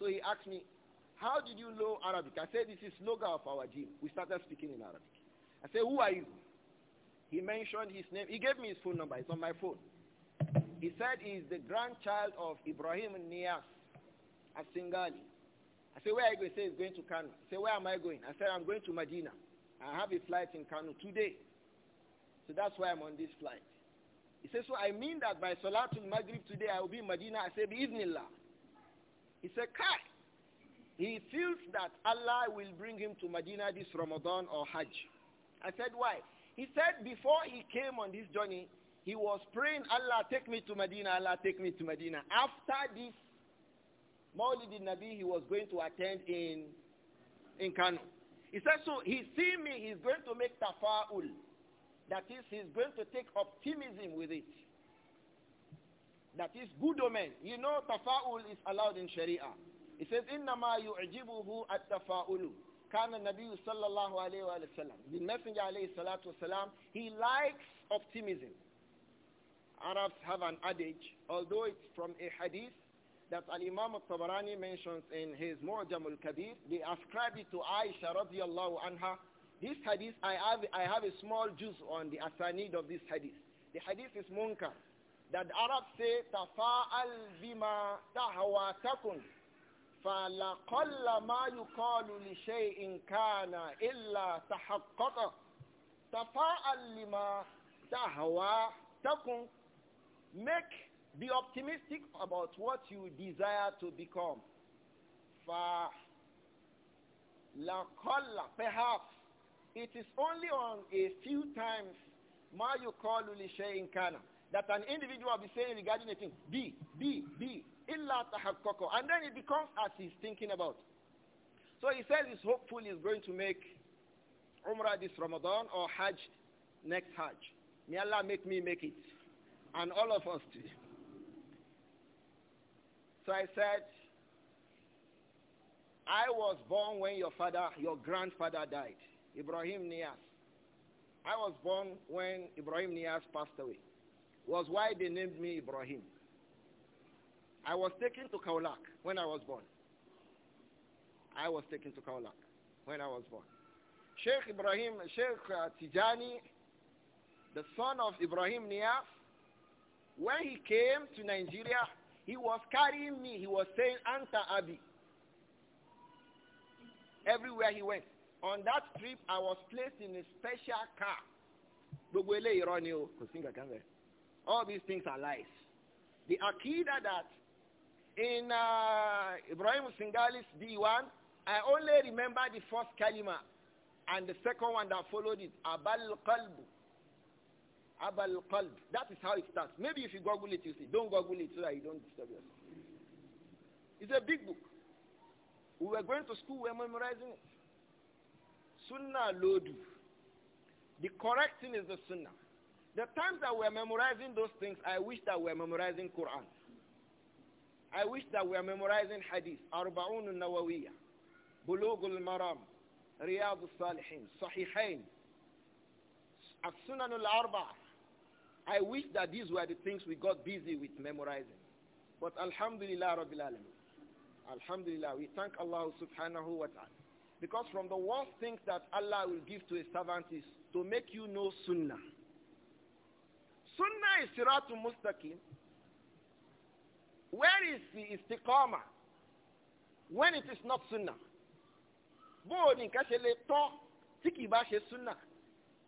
So he asked me, how did you know Arabic? I said, this is logo of our gym. We started speaking in Arabic. I said, who are you? He mentioned his name. He gave me his phone number. It's on my phone. He said he is the grandchild of Ibrahim Nias, at Ghani. I said, where are you going? He said, he's going to Kano. I said, where am I going? I said, I'm going to Medina. I have a flight in Kano today. So that's why I'm on this flight. He said, so I mean that by Salatul Maghrib today, I will be in Medina. I said, Bismillah. He said, Kai. He feels that Allah will bring him to Medina this Ramadan or Hajj. I said, why? He said, before he came on this journey, he was praying, Allah, take me to Medina, Allah, take me to Medina. After this Maulid Nabi he was going to attend in in Kano. He said, so he see me, he's going to make tafa'ul. That is, he's going to take optimism with it. That is good omen. You know tafa'ul is allowed in Sharia. He says, إِنَّمَا يُعْجِبُهُ at كان النبي صلى الله alayhi wa وسلم The Messenger alayhi salatu والسلام, he likes optimism. Arabs have an adage, although it's from a hadith, that Al-Imam al-Tabarani mentions in his Mu'jam al-Kabir, they ascribe it to Aisha radiallahu anha. This hadith, I have, I have a small juice on the asanid of this hadith. The hadith is munkar. That Arabs say, تَفَاءَلْ بِمَا li فَلَقَلَّ مَا يُقَالُ لِشَيْءٍ كَانَ إِلَّا تَحَقَّقَ تَفَاءَلْ لِمَا تَهْوَاتَكُمْ Make be optimistic about what you desire to become. For لَقَلَّ Perhaps it is only on a few times مَا يُقَالُ لِشَيْءٍ كَانَ that an individual will be saying regarding a thing, be, be, be, illa tahakkoko. And then it becomes as he's thinking about. So he says he's hopeful he's going to make Umrah this Ramadan or Hajj next Hajj. May Allah make me make it. And all of us too. So I said, I was born when your father, your grandfather died, Ibrahim Nias. I was born when Ibrahim Nias passed away. Was why they named me Ibrahim. I was taken to Kaulak when I was born. I was taken to Kaulak when I was born. Sheikh Ibrahim, Sheikh uh, Tijani, the son of Ibrahim Nias, when he came to Nigeria, he was carrying me. He was saying, Answer Abi. Everywhere he went. On that trip, I was placed in a special car. All these things are lies. The Akida that in uh, Ibrahim Singali's D1, I only remember the first kalima and the second one that followed it, Abal Qalbu. Abal Qalb. That is how it starts. Maybe if you Google it, you see. Don't Google it so that you don't disturb yourself. It's a big book. We were going to school, we were memorizing it. Sunnah Lodu. The correct thing is the Sunnah. The times that we are memorizing those things, I wish that we are memorizing Quran. I wish that we are memorizing Hadith. Arba'un al-Nawawiyya. Bulugh al-Maram. Riyadh al-Salihin. Sahihain. As-Sunan al-Arba'ah. I wish that these were the things we got busy with memorizing. But alhamdulillah rabbil alamin. Alhamdulillah, we thank Allah subhanahu wa ta'ala. Because from the worst things that Allah will give to a servant is to make you know sunnah. Sunnah is siratul mustaqim. Where is the istiqamah? When it is not sunnah. ní ṣe lè tí kì bá ṣe sunnah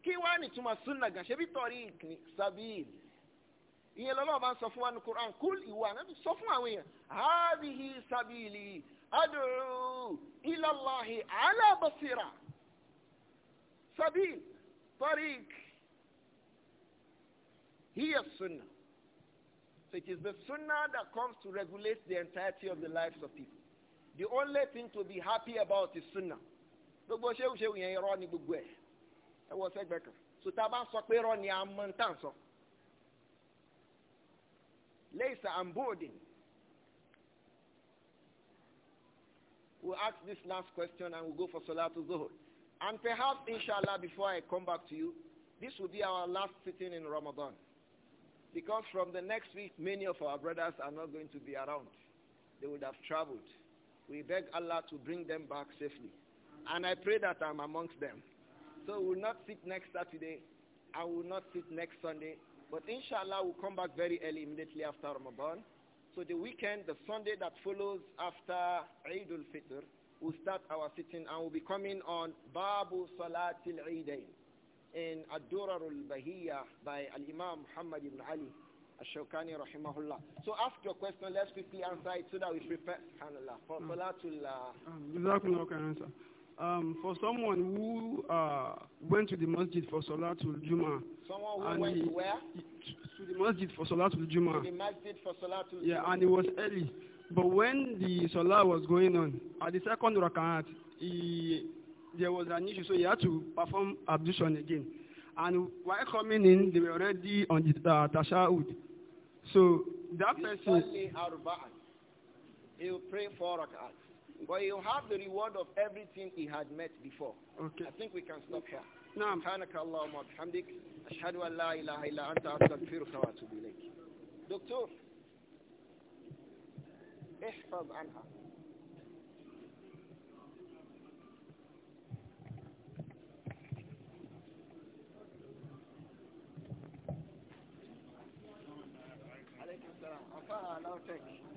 kí wá ní túmọ̀ súnà gan ṣebí tọ́rí ní sabil ìyẹn lọ́lọ́wọ́ bá ń sọ fún wa ní Quran kúl ìwà ànábì sọ fún àwọn èèyàn hādhihi sabīlī ad'ū ilā Allāhi 'alā baṣīrah sabil tariq hiya sunnah so it is the sunnah that comes to regulate the entirety of the lives of people the only thing to be happy about is sunnah gbogbo ṣéwùṣéwù yẹn irọ́ ni gbogbo ẹ̀ ẹ wọ sẹ́gbẹ̀ẹ́ kan so bá sọ pé rọ ni a ń sọ we ask this last question and we go for salatu zuhur and perhaps inshallah before I come back to you this will be our last sitting in Ramadan because from the next week many of our brothers are not going to be around they would have traveled we beg Allah to bring them back safely and I pray that I'm amongst them so we will not sit next Saturday I will not sit next Sunday. But inshallah, we'll come back very early immediately after Ramadan. So the weekend, the Sunday that follows after Eid al-Fitr, we'll start our sitting and we'll be coming on Babu Salatil Eidain in Adhurul durar bahiyya by Al-Imam Muhammad ibn Ali ash rahimahullah. So ask your question, let's quickly answer it so that we prepare. SubhanAllah. For hmm. Salatul... Uh, okay, um, answer. um, for someone who uh, went to the masjid for Salatul Juma. Someone who and went he, where? To the masjid for Salatul Juma. To the masjid for Salatul Juma. Yeah, and it was early. But when the Salah was going on, at the second rakat, he, there was an issue, so he had to perform ablution again. And while coming in, they were already on the uh, tashahud. So that person... He will pray for rakat. But he'll have the reward of everything he had met before. Okay. I think we can stop here. نعم سبحانك اللهم وبحمدك أشهد أن لا إله إلا أنت أستغفرك وأتوب إليك دكتور احفظ عنها عليكم السلام عفاها لو تكي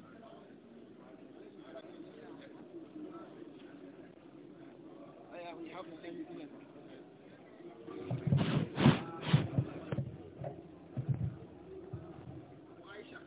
we have the same business.